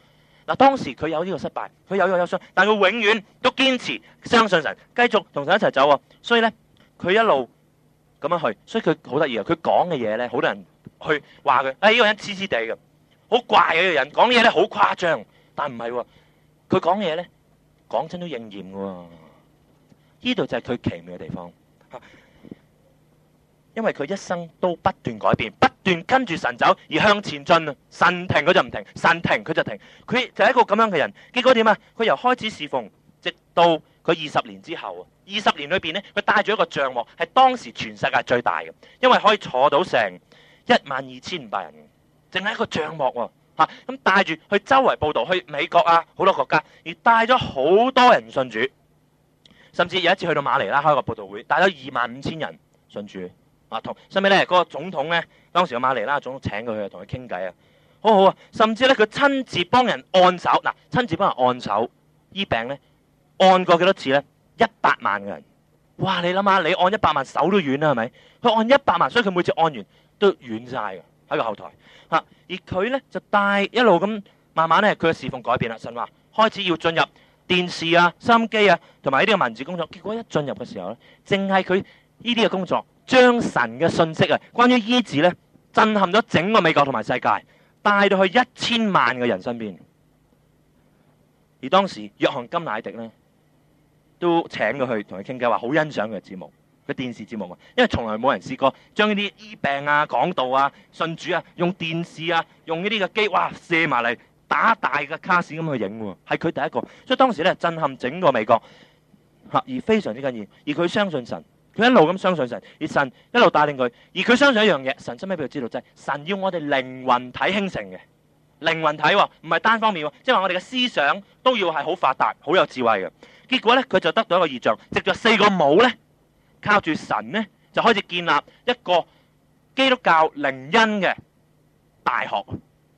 嗱，當時佢有呢個失敗，佢有呢個憂傷，但係佢永遠都堅持相信神，繼續同神一齊走。啊。所以咧，佢一路咁樣去，所以佢好得意啊。佢講嘅嘢咧，好多人去話佢，哎，呢個人黐黐地嘅。好怪嘅個人，講嘢咧好誇張，但唔係喎，佢講嘢咧講真都應驗嘅。呢度就係佢奇妙嘅地方，吓，因為佢一生都不斷改變，不斷跟住神走而向前進啊！神停佢就唔停，神停佢就停，佢就係一個咁樣嘅人。結果點啊？佢由開始侍奉，直到佢二十年之後，二十年裏邊咧，佢帶住一個帳篷，係當時全世界最大嘅，因為可以坐到成一萬二千五百人。淨係一個帳幕喎，吓咁帶住去周圍佈道，去美國啊，好多國家，而帶咗好多人信主。甚至有一次去到馬尼拉開個佈道會，帶咗二萬五千人信主。啊，同，後尾咧、嗰個總統咧，當時個馬尼拉總統請佢去同佢傾偈啊，好好啊。甚至咧佢親自幫人按手，嗱、啊，親自幫人按手，醫病咧按過幾多次咧？一百萬嘅人，哇！你諗下，你按一百萬手都軟啦，係咪？佢按一百萬，所以佢每次按完都軟晒嘅。喺個後台吓、啊，而佢呢，就帶一路咁，慢慢呢，佢嘅侍奉改變啦。神話開始要進入電視啊、收音機啊，同埋呢啲嘅文字工作。結果一進入嘅時候呢，淨係佢呢啲嘅工作，將神嘅信息啊，關於醫治呢，震撼咗整個美國同埋世界，帶到去一千萬個人身邊。而當時約翰甘迺迪呢，都請佢去同佢傾偈，話好欣賞佢嘅節目。嘅電視節目啊，因為從來冇人試過將呢啲醫病啊、講道啊、信主啊，用電視啊，用呢啲嘅機，哇，射埋嚟打大嘅卡士咁去影喎，係佢第一個，所以當時咧震撼整個美國吓、啊、而非常之緊要。而佢相信神，佢一路咁相信神，而神一路帶領佢。而佢相信一樣嘢，神最尾俾佢知道就係神要我哋靈魂體興盛嘅靈魂體、哦，唔係單方面、哦，即係話我哋嘅思想都要係好發達、好有智慧嘅。結果咧，佢就得到一個異象，直著四個帽咧。靠住神咧，就開始建立一個基督教靈恩嘅大學。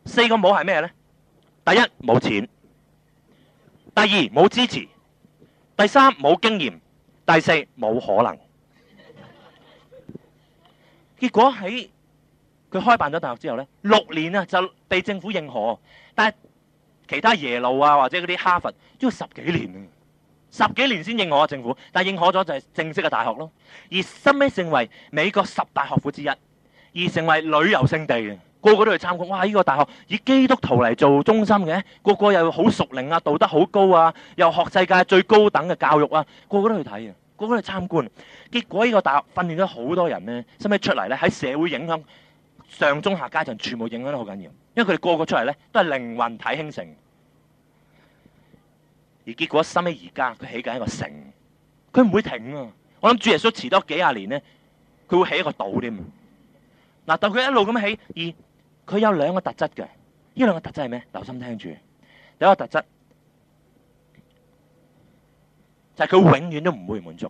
四個冇係咩咧？第一冇錢，第二冇支持，第三冇經驗，第四冇可能。結果喺佢開辦咗大學之後咧，六年啊就被政府認可，但係其他耶魯啊或者嗰啲哈佛都要、這個、十幾年。十幾年先認可啊政府，但係認可咗就係正式嘅大學咯。而收尾成為美國十大學府之一，而成為旅遊勝地嘅，個個都去參觀。哇！呢個大學以基督徒嚟做中心嘅，個個又好熟靈啊，道德好高啊，又學世界最高等嘅教育啊，個個都去睇啊，個個都去參觀。結果呢個大學訓練咗好多人呢，收尾出嚟呢，喺社會影響上中下階層全部影響得好緊要，因為佢哋個個出嚟呢，都係靈魂體興盛。而結果，心屘而家佢起緊一個城，佢唔會停啊！我諗主耶穌遲多幾廿年咧，佢會起一個島添。嗱，但佢一路咁起，而佢有兩個特質嘅。呢兩個特質係咩？留心聽住。第一個特質就係、是、佢永遠都唔會滿足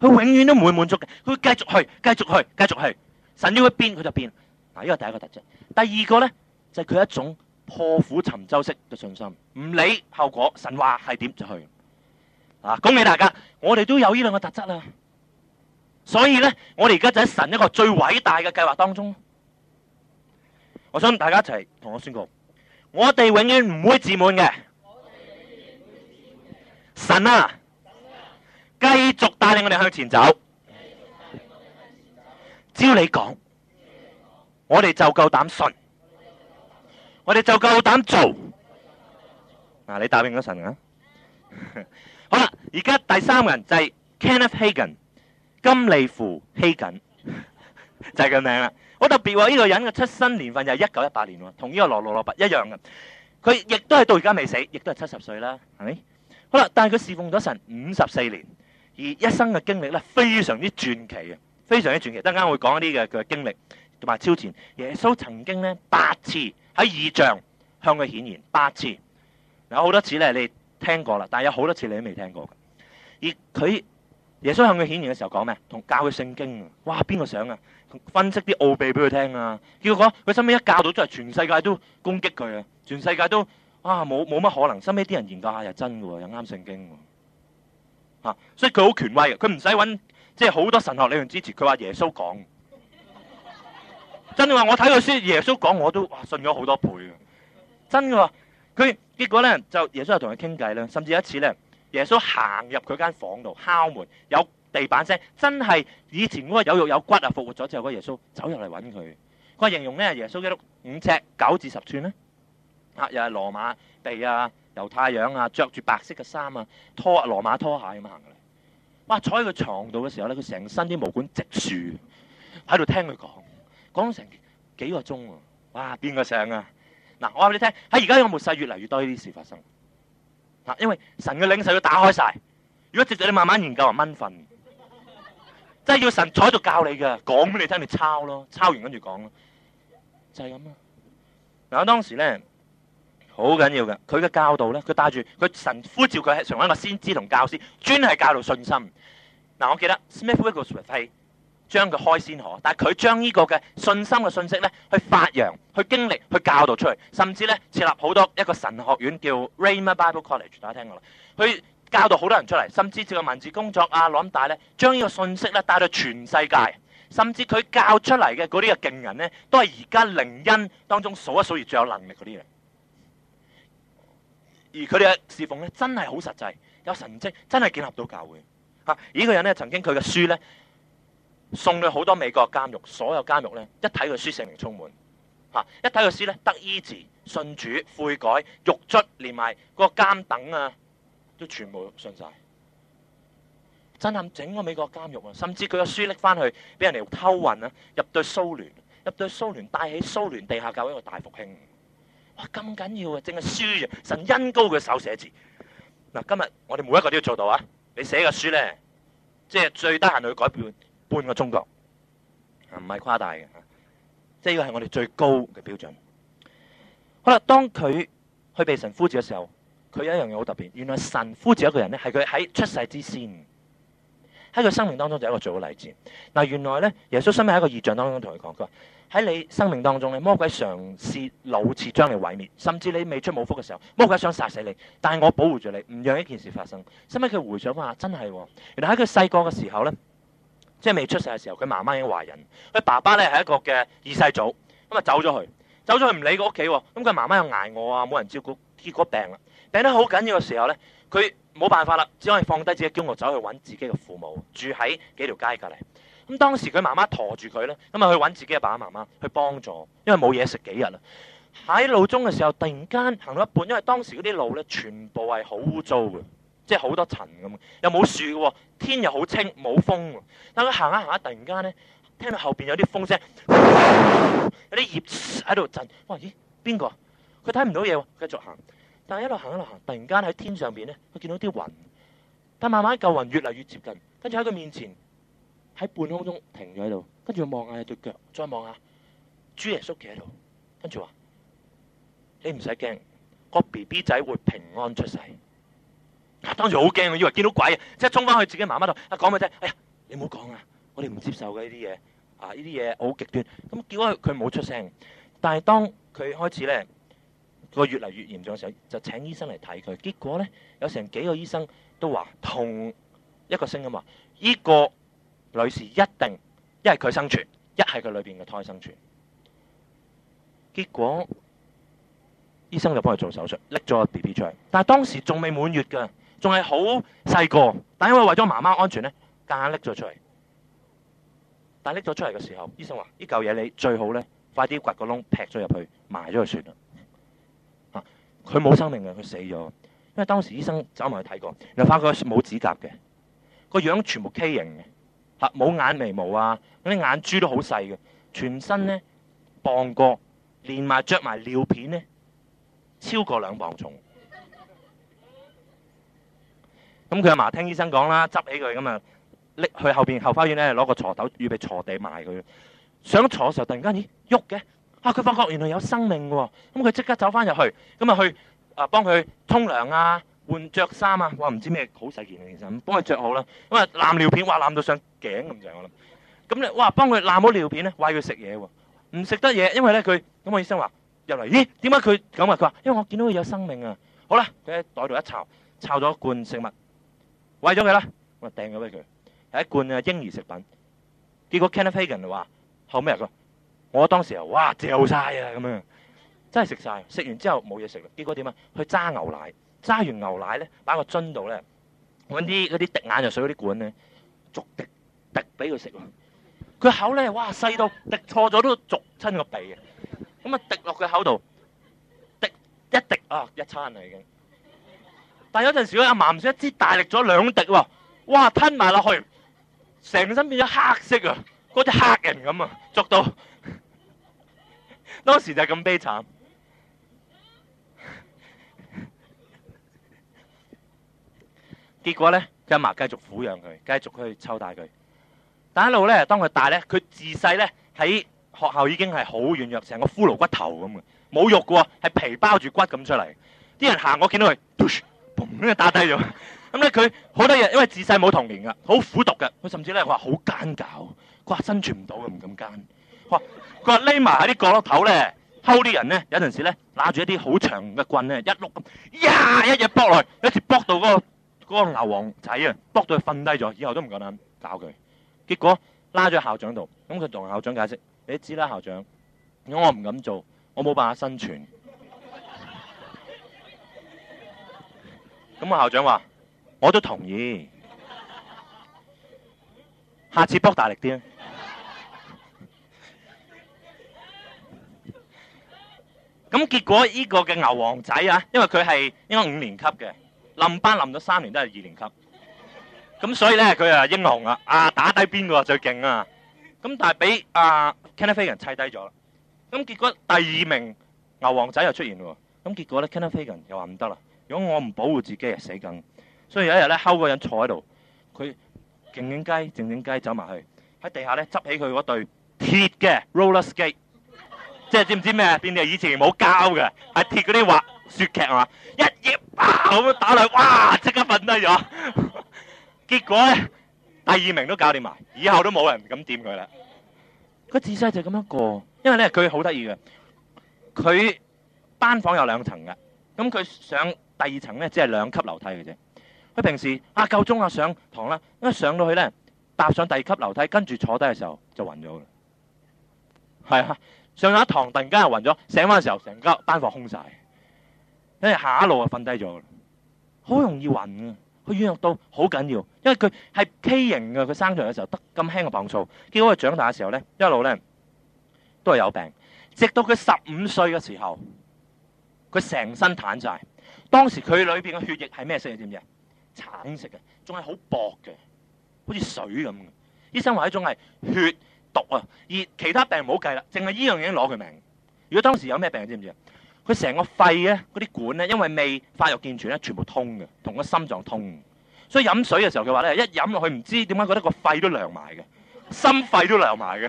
嘅，佢永遠都唔會滿足嘅，佢會繼續去，繼續去，繼續去。神要佢變，佢就變。嗱，呢個第一個特質。第二個咧就係、是、佢一種，破釜沉舟式嘅信心，唔理後果，神話係點就去啊！恭喜大家，我哋都有呢兩個特質啊！所以咧，我哋而家就喺神一個最偉大嘅計劃當中。我想大家一齊同我宣告：我哋永遠唔會自滿嘅。嘅神啊，繼、啊、續帶領我哋向前走。前走，只要你講，你講我哋就夠膽信。我哋就夠膽做嗱，你答應咗神啊好？好啦。而家第三個人就係 Kenneth Hagen 金利富 Hagen 就係個名啦。好特別喎，呢個人嘅出生年份就係一九一八年喎，同呢個羅羅羅拔一樣嘅。佢亦都係到而家未死，亦都係七十歲啦。係咪好啦？但係佢侍奉咗神五十四年，而一生嘅經歷咧非常之傳奇啊，非常之傳奇。陣間會講一啲嘅佢嘅經歷同埋超前耶穌曾經咧八次。喺異象向佢顯現八次，有好多次咧你聽過啦，但係有好多次你都未聽過嘅。而佢耶穌向佢顯現嘅時候講咩？同教佢聖經啊，哇邊個想啊？分析啲奧秘俾佢聽啊！結果講佢收尾一教到，即係全世界都攻擊佢啊！全世界都啊冇冇乜可能。收尾啲人研究下又真嘅喎，又啱聖經喎，啊啊、所以佢好權威嘅，佢唔使揾即係好多神學理論支持，佢話耶穌講。真嘅話，我睇個書，耶穌講我都信咗好多倍真嘅。佢結果咧就耶穌又同佢傾偈咧，甚至有一次咧，耶穌行入佢間房度敲門，有地板聲，真係以前嗰個有肉有骨啊復活咗之後，個耶穌走入嚟揾佢。佢話形容咧，耶穌一碌五尺九至十寸咧，啊又係羅馬地啊，猶太樣啊，着住白色嘅衫啊，拖啊羅馬拖鞋咁行嚟。哇，坐喺佢床度嘅時候咧，佢成身啲毛管直豎，喺度聽佢講。講咗成幾個鐘喎，哇，邊個醒啊？嗱，我話俾你聽，喺而家有個末世越嚟越多呢啲事發生。嗱，因為神嘅領袖要打開晒，如果直直你慢慢研究，係蚊瞓。真係要神坐喺度教你嘅，講俾你聽，你抄咯，抄完跟住講咯，就係咁啊。嗱，當時咧好緊要噶，佢嘅教導咧，佢帶住佢神呼召佢係成為一個先知同教師，專係教導信心。嗱，我記得 Smith Wigglesworth 將佢開先河，但係佢將呢個嘅信心嘅信息咧，去發揚、去經歷、去教導出嚟，甚至咧設立好多一個神學院叫 Raymer Bible College，大家聽過啦，佢教導好多人出嚟，甚至做文字工作啊、攬帶咧，將呢個信息咧帶到全世界，甚至佢教出嚟嘅嗰啲嘅勁人咧，都係而家靈恩當中數一數二最有能力嗰啲人，而佢哋嘅侍奉咧真係好實際，有神跡，真係建立到教會。吓、啊、呢、這個人咧曾經佢嘅書咧。送去好多美國監獄，所有監獄咧一睇個書，聖靈充滿嚇，一睇個書咧得醫治、信主、悔改、獄卒，連埋嗰個監等啊都全部信晒。震撼整個美國的監獄啊！甚至佢個書拎翻去俾人哋偷運啊，入到蘇聯，入到蘇聯帶起蘇聯地下教一個大復興，哇咁緊要啊！淨係書神恩高嘅手寫字嗱，今日我哋每一個都要做到啊！你寫嘅書咧，即係最低限去改變。半個中國唔係誇大嘅，即呢個係我哋最高嘅標準。好啦，當佢去被神呼召嘅時候，佢有一樣嘢好特別。原來神呼召一個人呢，係佢喺出世之前，喺佢生命當中就係一個最好例子。嗱，原來呢，耶穌收尾喺一個異象當中同佢講：，佢話喺你生命當中咧，魔鬼嘗試老次將你毀滅，甚至你未出母腹嘅時候，魔鬼想殺死你，但係我保護住你，唔讓一件事發生。使尾佢回想話：，真係、哦，原來喺佢細個嘅時候呢。即係未出世嘅時候，佢媽媽已經懷孕。佢爸爸咧係一個嘅二世祖，咁啊走咗去，走咗去唔理個屋企喎。咁佢媽媽又挨餓啊，冇人照顧，結果病啦，病得好緊要嘅時候咧，佢冇辦法啦，只可以放低自己僕奴走去揾自己嘅父母，住喺幾條街隔離。咁當時佢媽媽陀住佢咧，咁啊去揾自己嘅爸爸媽媽去幫助，因為冇嘢食幾日啦。喺路中嘅時候，突然間行到一半，因為當時嗰啲路咧全部係好污糟嘅。即係好多塵咁，又冇樹喎，天又好清，冇風喎。但佢行下行下，突然間咧聽到後面有啲風聲， 有啲葉喺度震。哇！咦？邊個、啊？佢睇唔到嘢，繼續行。但係一路行一路行，突然間喺天上邊咧，佢見到啲雲。但慢慢嚿雲越嚟越接近，跟住喺佢面前喺半空中停咗喺度。跟住望下對腳，再望下主耶穌企喺度。跟住話：你唔使驚，個 B B 仔會平安出世。啊！當時好驚，以為見到鬼啊！即係衝翻去自己媽媽度，啊講畀佢聽，哎呀，你唔好講啊！我哋唔接受嘅呢啲嘢，啊呢啲嘢好極端。咁叫開佢冇出聲，但係當佢開始咧個越嚟越嚴重嘅時候，就請醫生嚟睇佢。結果咧有成幾個醫生都話同一個聲音話：呢個女士一定一係佢生存，一係佢裏邊嘅胎生存。結果醫生就幫佢做手術，拎咗個 BB 出嚟，但係當時仲未滿月嘅。仲係好細個，但係因為為咗媽媽安全咧，夾硬拎咗出嚟。但係拎咗出嚟嘅時候，醫生話：呢嚿嘢你最好咧，快啲掘個窿劈咗入去埋咗佢算啦。佢、啊、冇生命嘅，佢死咗，因為當時醫生走埋去睇過，又發覺冇指甲嘅，個樣全部畸形嘅，嚇、啊、冇眼眉毛啊，啲眼珠都好細嘅，全身咧磅過，連埋着埋尿片咧超過兩磅重。咁佢阿嫲聽醫生講啦，執起佢咁啊，拎去後邊後花園咧，攞個鋤頭預備鋤地埋佢。想鋤嘅時候，突然間咦，喐嘅，啊佢發覺原來有生命喎。咁佢即刻走翻入去，咁啊去啊幫佢沖涼啊，換着衫啊。話唔知咩好細件嘅件衫，咁幫佢着好啦。咁啊，淋尿片，話淋到上頸咁長，我諗。咁咧，哇，幫佢淋好尿片咧，餵佢食嘢喎，唔食得嘢，因為咧佢咁啊醫生話入嚟，咦，點解佢咁啊？佢話因為我見到佢有生命啊。好啦，佢喺袋度一抄，抄咗一罐食物。喂咗佢啦，我掟咗俾佢，有一罐啊嬰兒食品。結果 Kenneth Fagan 話：後尾啊，我當時啊，哇，嚼晒啊咁啊，樣真係食晒。」食完之後冇嘢食啦。結果點啊？去揸牛奶，揸完牛奶咧，擺個樽度咧，揾啲嗰啲滴眼藥水嗰啲管咧，逐滴滴俾佢食。佢口咧，哇，細到滴錯咗都逐親個鼻嘅。咁啊，滴落佢口度，滴一滴啊，一餐啦已經。但有陣時，阿嫲唔知一支大力咗兩滴喎，哇，吞埋落去，成身變咗黑色啊，嗰隻黑人咁啊，捉到當時就係咁悲慘。結果咧，阿嫲繼續撫養佢，繼續去湊大佢。但一路咧，當佢大咧，佢自細咧喺學校已經係好軟弱，成個骷髏骨頭咁啊，冇肉嘅喎，係皮包住骨咁出嚟。啲人行過我見到佢。咁啊打低咗，咁咧佢好多嘢，因為自細冇童年噶，好苦讀噶，佢甚至咧話好奸狡，佢話生存唔到嘅，唔敢奸，佢話佢話匿埋喺啲角落頭咧，偷啲人咧，有陣時咧拉住一啲好長嘅棍咧，一碌咁呀，一嘢卜落去，一次卜到嗰個嗰個牛王仔啊，卜到佢瞓低咗，以後都唔敢搞佢。結果拉咗校長度，咁佢同校長解釋，你知啦，校長，因為我唔敢做，我冇辦法生存。咁啊！校長話：我都同意，下次搏大力啲啦。咁結果呢個嘅牛王仔啊，因為佢係應該五年級嘅，冧班冧咗三年都係二年級。咁所以咧，佢啊英雄啊，啊打低邊個最勁啊？咁但係俾啊 Canterfingon 砌低咗啦。咁結果第二名牛王仔又出現喎。咁結果咧，Canterfingon 又話唔得啦。如果我唔保護自己，死梗。所以有一日咧，睺個人坐喺度，佢靜靜雞、靜靜雞走埋去，喺地下咧執起佢嗰對鐵嘅 roller skate，即係知唔知咩？邊啲以前冇膠嘅，係鐵嗰啲滑雪屐啊嘛，一嘢啪咁打落，哇！即刻瞓低咗。結果咧，第二名都搞掂埋，以後都冇人敢掂佢啦。佢自細就咁樣過，因為咧佢好得意嘅，佢班房有兩層嘅，咁佢上。第二層咧，即係兩級樓梯嘅啫。佢平時啊夠鐘啊上堂啦，一上到去咧，踏上第二級樓梯，跟住坐低嘅時候就暈咗。係啊，上咗堂突然間又暈咗，醒翻嘅時候成間班房空晒，跟住下一路就瞓低咗。好容易暈啊！佢軟弱到好緊要，因為佢係畸形嘅。佢生長嘅時候得咁輕嘅磅數，結果佢長大嘅時候咧，一路咧都係有病。直到佢十五歲嘅時候，佢成身癱晒。當時佢裏邊嘅血液係咩色的？你知唔知？橙色嘅，仲係好薄嘅，好似水咁嘅。醫生話一種係血毒啊，而其他病唔好計啦，淨係呢樣已經攞佢命。如果當時有咩病，知唔知？佢成個肺咧、嗰啲管咧，因為未發育健全咧，全部通嘅，同個心臟通。所以飲水嘅時候，嘅話咧，一飲落去唔知點解覺得個肺都涼埋嘅，心肺都涼埋嘅，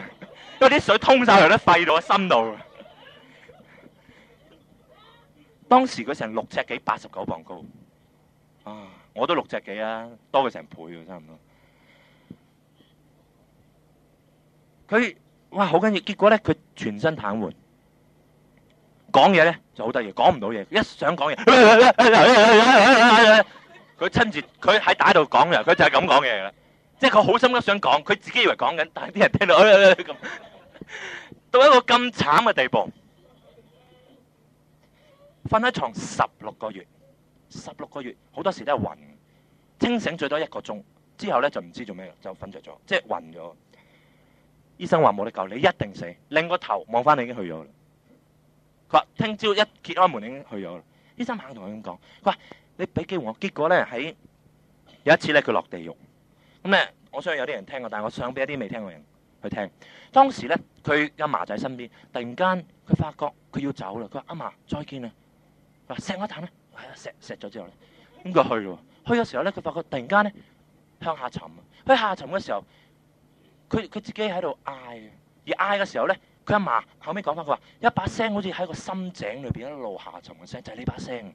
因為啲水通晒嚟，啲肺到心度。當時佢成六尺幾八十九磅高，啊，我都六尺幾啊，多佢成倍喎，差唔多。佢哇好緊要，結果咧佢全身癱瘓，講嘢咧就好得意，講唔到嘢，一想講嘢，佢親自佢喺打到講嘅，佢就係咁講嘢嘅，即係佢好心急想講，佢自己以為講緊，但係啲人聽到，到一個咁慘嘅地步。瞓喺床十六個月，十六個月好多時都係暈，清醒最多一個鐘，之後咧就唔知做咩就瞓着咗，即係暈咗。醫生話冇得救，你一定死。擰個頭望翻，你已經去咗啦。佢話聽朝一揭開門已經去咗啦。醫生肯同佢咁講，佢話，你俾機會我。結果咧喺有一次咧，佢落地獄咁咧。我相信有啲人聽過，但係我想俾一啲未聽過嘅人去聽。當時咧，佢阿嫲仔喺身邊，突然間佢發覺佢要走啦。佢話阿嫲，再見啊！嗱，錫一啖咧，錫錫咗之後咧，咁佢去喎，去嘅時候咧，佢發覺突然間咧向下沉了，佢下沉嘅時候，佢佢自己喺度嗌，而嗌嘅時候咧，佢阿嫲後尾講翻佢話，一把聲好似喺個深井裏邊一路下沉嘅聲，就係、是、呢把聲。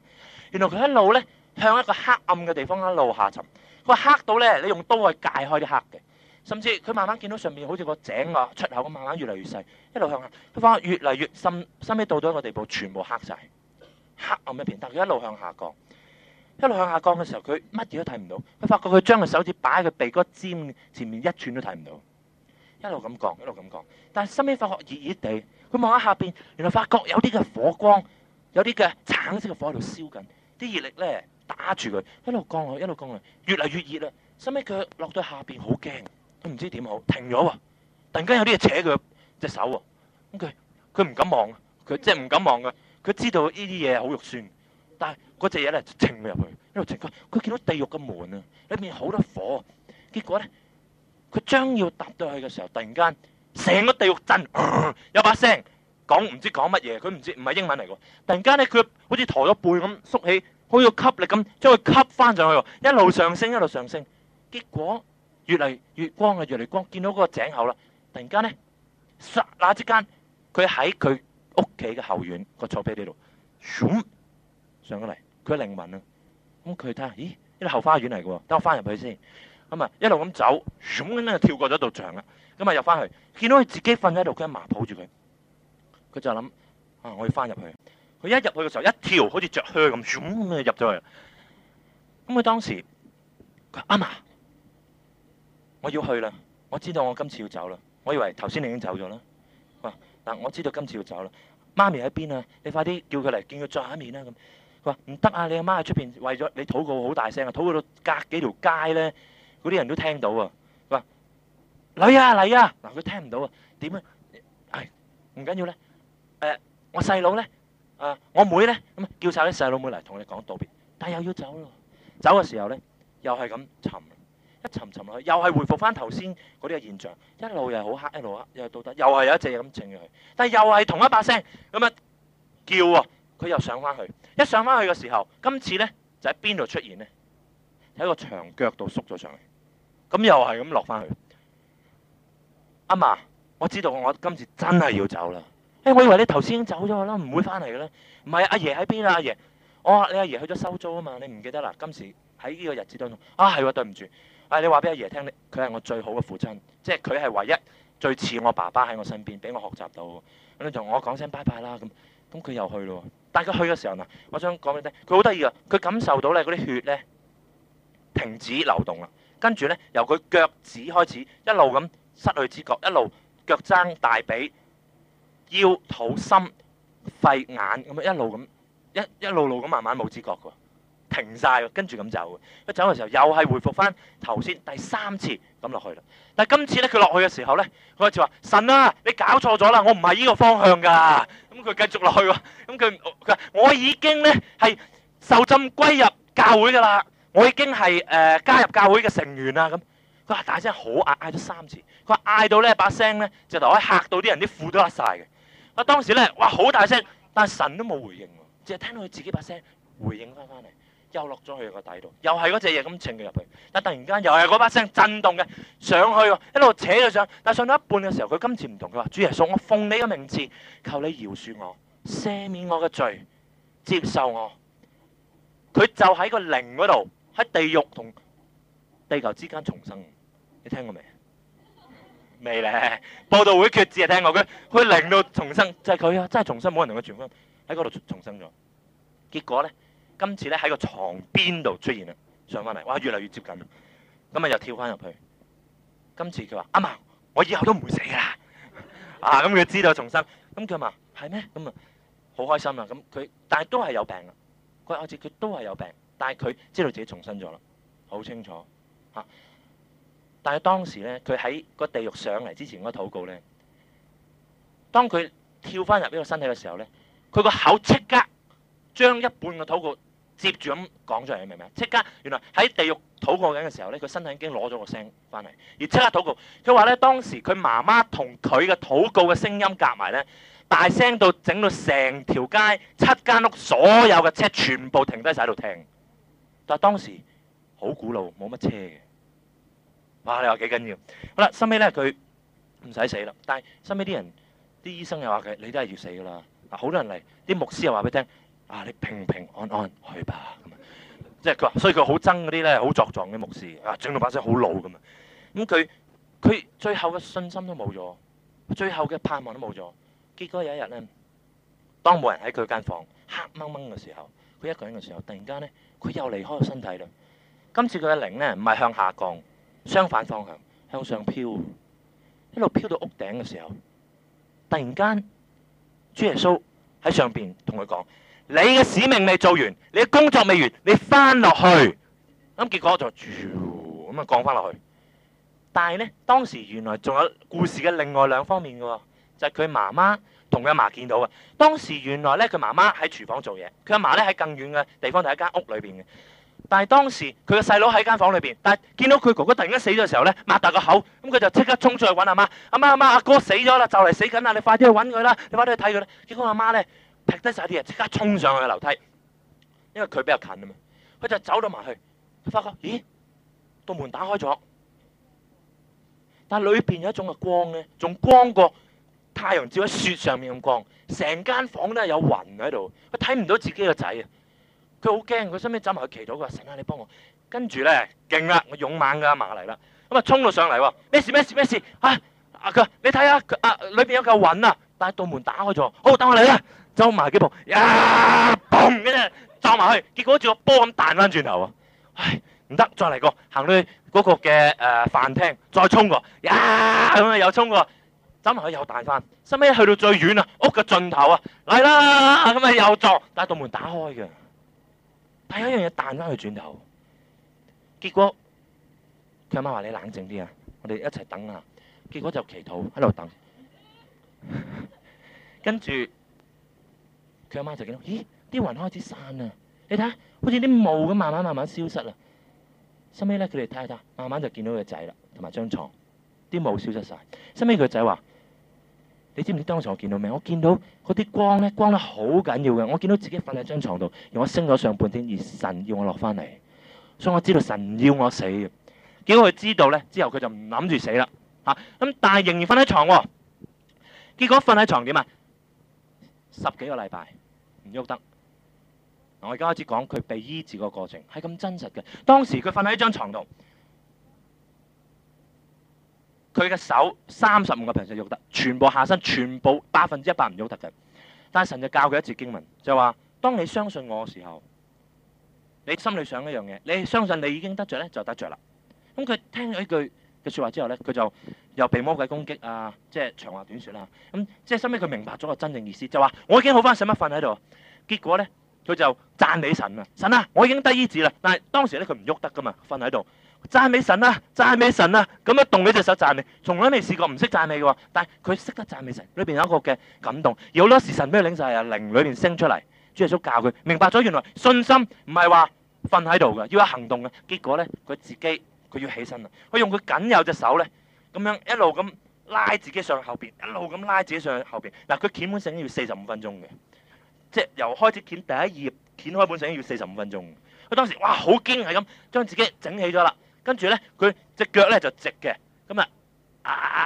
原來佢一路咧向一個黑暗嘅地方一路下沉，佢話黑到咧，你用刀去解開啲黑嘅，甚至佢慢慢見到上面好似個井個、啊、出口咁，慢慢越嚟越細，一路向下，佢發覺越嚟越深，收尾到咗一個地步，全部黑晒。黑暗一片，但佢一路向下降，一路向下降嘅時候，佢乜嘢都睇唔到。佢發覺佢將個手指擺喺佢鼻哥、那個、尖前面一寸都睇唔到，一路咁降，一路咁降。但係收尾發覺熱熱地，佢望喺下邊，原來發覺有啲嘅火光，有啲嘅橙色嘅火喺度燒緊，啲熱力咧打住佢，一路降去，一路降落，越嚟越熱啦。收尾佢落到下邊好驚，佢唔知點好，停咗喎，突然間有啲嘢扯佢隻手喎，咁佢佢唔敢望，佢即係唔敢望噶。佢知道呢啲嘢好肉酸，但係嗰隻嘢咧就稱咗入去，一路稱佢。佢見到地獄嘅門啊，裏面好多火。結果咧，佢將要踏到去嘅時候，突然間成個地獄震，有把聲講唔知講乜嘢，佢唔知唔係英文嚟嘅。突然間咧，佢好似抬咗背咁縮起，好似個吸力咁將佢吸翻上去，一路上升一路上升。結果越嚟越光啊，越嚟越光，見到嗰個井口啦。突然間咧，剎那之間佢喺佢屋企嘅後院個草皮呢度，上咗嚟，佢靈魂啊，咁佢睇下，咦，呢度後花園嚟嘅，等我翻入去先，咁啊一路咁走，咁咧就跳過咗道牆啦，咁啊入翻去，見到佢自己瞓喺度，佢阿嫲抱住佢，佢就諗，啊我要翻入去，佢一入去嘅時候一跳，好似着靴咁，咁啊入咗去，咁佢當時，佢阿嫲，我要去啦，我知道我今次要走啦，我以為頭先你已經走咗啦。嗱，我知道今次要走啦。媽咪喺邊啊？你快啲叫佢嚟，見佢最後一面啦。咁佢話唔得啊，你阿媽喺出邊，為咗你禱告好大聲啊，禱告到隔幾條街咧，嗰啲人都聽到啊。佢話嚟啊嚟啊！嗱，佢聽唔到啊。點啊？係唔緊要咧。誒，我細佬咧，啊，我妹咧，咁叫曬啲細佬妹嚟同你講道別，但係又要走咯。走嘅時候咧，又係咁尋。一沉沉落去，又係回復翻頭先嗰啲嘅現象，一路又好黑，一路黑，又係到底，又係有一隻咁靜咗佢，但係又係同一把聲咁啊叫啊！佢又上翻去，一上翻去嘅時候，今次咧就喺邊度出現咧？喺個長腳度縮咗上嚟，咁又係咁落翻去。阿嫲，我知道我今次真係要走啦。誒、哎，我以為你頭先走咗啦，唔會翻嚟嘅咧。唔係，阿爺喺邊啊？阿爺，我、哦、你阿爺去咗收租啊嘛？你唔記得啦？今時喺呢個日子當中啊，係喎、啊，對唔住。啊！你話俾阿爺聽，佢係我最好嘅父親，即係佢係唯一最似我爸爸喺我身邊，俾我學習到。咁你同我講聲拜拜啦咁，咁佢又去咯。但係佢去嘅時候嗱，我想講俾你聽，佢好得意啊！佢感受到咧嗰啲血咧停止流動啦，跟住咧由佢腳趾開始一路咁失去知覺，一路腳踭、大髀、腰、肚、心、肺、眼咁樣一路咁一一路路咁慢慢冇知覺嘅。停曬，跟住咁走嘅。一走嘅時候又係回復翻頭先第三次咁落去啦。但係今次咧，佢落去嘅時候咧，佢就話：神啊，你搞錯咗啦，我唔係依個方向㗎。咁佢繼續落去喎。咁佢佢話：我已經咧係受浸歸入教會㗎啦，我已經係誒加入教會嘅成員啊咁。佢話大聲好嗌，嗌咗三次。佢嗌到咧把聲咧就頭可以嚇到啲人啲褲都甩曬嘅。啊，當時咧哇，好大聲，但係神都冇回應喎，只係聽到佢自己把聲回應翻翻嚟。又落咗去個底度，又係嗰隻嘢咁請佢入去，但突然間又係嗰把聲震動嘅上去，一路扯咗上，但上到一半嘅時候，佢今次唔同，佢話主耶穌，我奉你嘅名字，求你饒恕我，赦免我嘅罪，接受我。佢就喺個靈嗰度，喺地獄同地球之間重生。你聽過未？未 咧？報道會決志啊！聽過佢佢靈度重生即係佢啊，真係重生，冇人同佢傳福音喺嗰度重生咗。結果呢？今次咧喺個床邊度出現啦，上翻嚟，哇，越嚟越接近啦。咁啊又跳翻入去，今次佢話阿嫲，我以後都唔會死噶。 啊，咁佢知道重生，咁佢話阿嫲，係咩？咁啊好開心啊！咁佢但係都係有病噶，佢我似好似佢都係有病，但係佢知道自己重生咗啦，好清楚吓，啊。但係當時咧，佢喺個地獄上嚟之前嗰個禱告咧，當佢跳翻入呢個身體嘅時候咧，佢個口即刻將一半嘅禱告。接住咁講出嚟，你明唔明啊？即刻，原來喺地獄禱告緊嘅時候咧，佢身體已經攞咗個聲翻嚟，而即刻禱告。佢話咧，當時佢媽媽同佢嘅禱告嘅聲音夾埋咧，大聲到整到成條街七間屋所有嘅車全部停低晒喺度聽。但係當時好古老，冇乜車嘅。哇，你話幾緊要？好啦，收尾咧，佢唔使死啦。但係收尾啲人，啲醫生又話佢：你都係要死噶啦。啊，好多人嚟，啲牧師又話俾你聽。啊！你平平安安去吧。咁啊，即係佢話，所以佢好憎嗰啲咧，好作狀嘅牧師啊，整到把聲好老咁啊。咁佢佢最後嘅信心都冇咗，最後嘅盼望都冇咗。結果有一日咧，當冇人喺佢間房黑掹掹嘅時候，佢一個人嘅時候，突然間咧，佢又離開個身體啦。今次佢嘅靈咧唔係向下降，相反方向向上飄，一路飄到屋頂嘅時候，突然間主耶穌喺上邊同佢講。你嘅使命未做完，你嘅工作未完，你翻落去，咁結果我就咁啊降翻落去。但係呢，當時原來仲有故事嘅另外兩方面嘅喎、哦，就係、是、佢媽媽同佢阿嫲見到嘅。當時原來呢，佢媽媽喺廚房做嘢，佢阿嫲呢喺更遠嘅地方，就喺、是、間屋裏邊嘅。但係當時佢嘅細佬喺間房裏邊，但係見到佢哥哥突然間死咗嘅時候呢，擘大個口，咁佢就即刻衝出去揾阿媽。阿媽，阿媽，阿哥死咗啦，就嚟死緊啦，你快啲去揾佢啦，你快啲去睇佢啦。結果阿媽呢，劈低晒啲人，即刻衝上去樓梯，因為佢比較近啊嘛。佢就走到埋去，佢發覺咦，道門打開咗，但係裏邊有一種嘅光咧，仲光過太陽照喺雪上面咁光，成間房都係有雲喺度，佢睇唔到自己個仔啊。佢好驚，佢身邊走埋去祈禱，佢話，神啊，你幫我。跟住咧，勁啦，我勇猛噶馬嚟啦，咁啊衝到上嚟喎，咩事咩事咩事吓？佢你睇下啊，裏邊有嚿雲啊，但係道門打開咗，好等我嚟啦。走埋幾步，呀，嘣，咁啊，走埋去，結果好似個波咁彈翻轉頭啊！唉，唔得，再嚟過，行到去嗰個嘅誒飯廳，再衝過，呀，咁啊又衝過，走埋去又彈翻，收尾去到最遠啊屋嘅盡頭啊，嚟啦，咁啊又撞，但係道門打開嘅，但係有一樣嘢彈翻去轉頭，結果佢阿媽話你冷靜啲啊，我哋一齊等啊，結果就祈禱喺度等，跟住。佢阿媽就見到，咦？啲雲開始散啦，你睇下，好似啲霧咁，慢慢慢慢消失啦。收尾咧，佢哋睇下睇，慢慢就見到佢個仔啦，同埋張床。啲霧消失晒。收尾，佢個仔話：你知唔知當場我見到咩？我見到嗰啲光咧，光得好緊要嘅。我見到自己瞓喺張床度，而我升咗上半天，而神要我落翻嚟，所以我知道神要我死。結果佢知道咧，之後佢就唔諗住死啦，嚇、啊！咁但係仍然瞓喺床喎、哦。結果瞓喺床點啊？十幾個禮拜唔喐得，我而家開始講佢被醫治個過程，係咁真實嘅。當時佢瞓喺張床度，佢嘅手三十五個平 e 喐得，全部下身全部百分之一百唔喐得嘅。但係神就教佢一節經文，就話：當你相信我嘅時候，你心裏想一樣嘢，你相信你已經得着咧，就得着啦。咁佢聽咗呢句嘅說話之後咧，佢就。又被魔鬼攻擊啊！即係長話短説啦，咁、啊嗯、即係收尾佢明白咗個真正意思，就話我已經好返，使乜瞓喺度？結果咧，佢就讚美神啊！神啊，我已經得醫治啦。但係當時咧，佢唔喐得噶嘛，瞓喺度。讚美神啊！讚美神啊！咁一動你隻手讚美，從來未試過唔識讚美嘅喎。但係佢識得讚美神，裏邊有一個嘅感動。有好多時神俾佢領受啊，靈裏邊升出嚟。主耶穌教佢明白咗，原來信心唔係話瞓喺度嘅，要有行動嘅。結果咧，佢自己佢要起身啊。佢用佢僅有隻手咧。咁樣一路咁拉自己上後邊，一路咁拉自己上後邊嗱。佢剪本相要四十五分鐘嘅，即係由開始剪第一頁剪開本相要四十五分鐘。佢當時哇好驚係咁將自己整起咗啦，跟住咧佢隻腳咧就直嘅咁啊，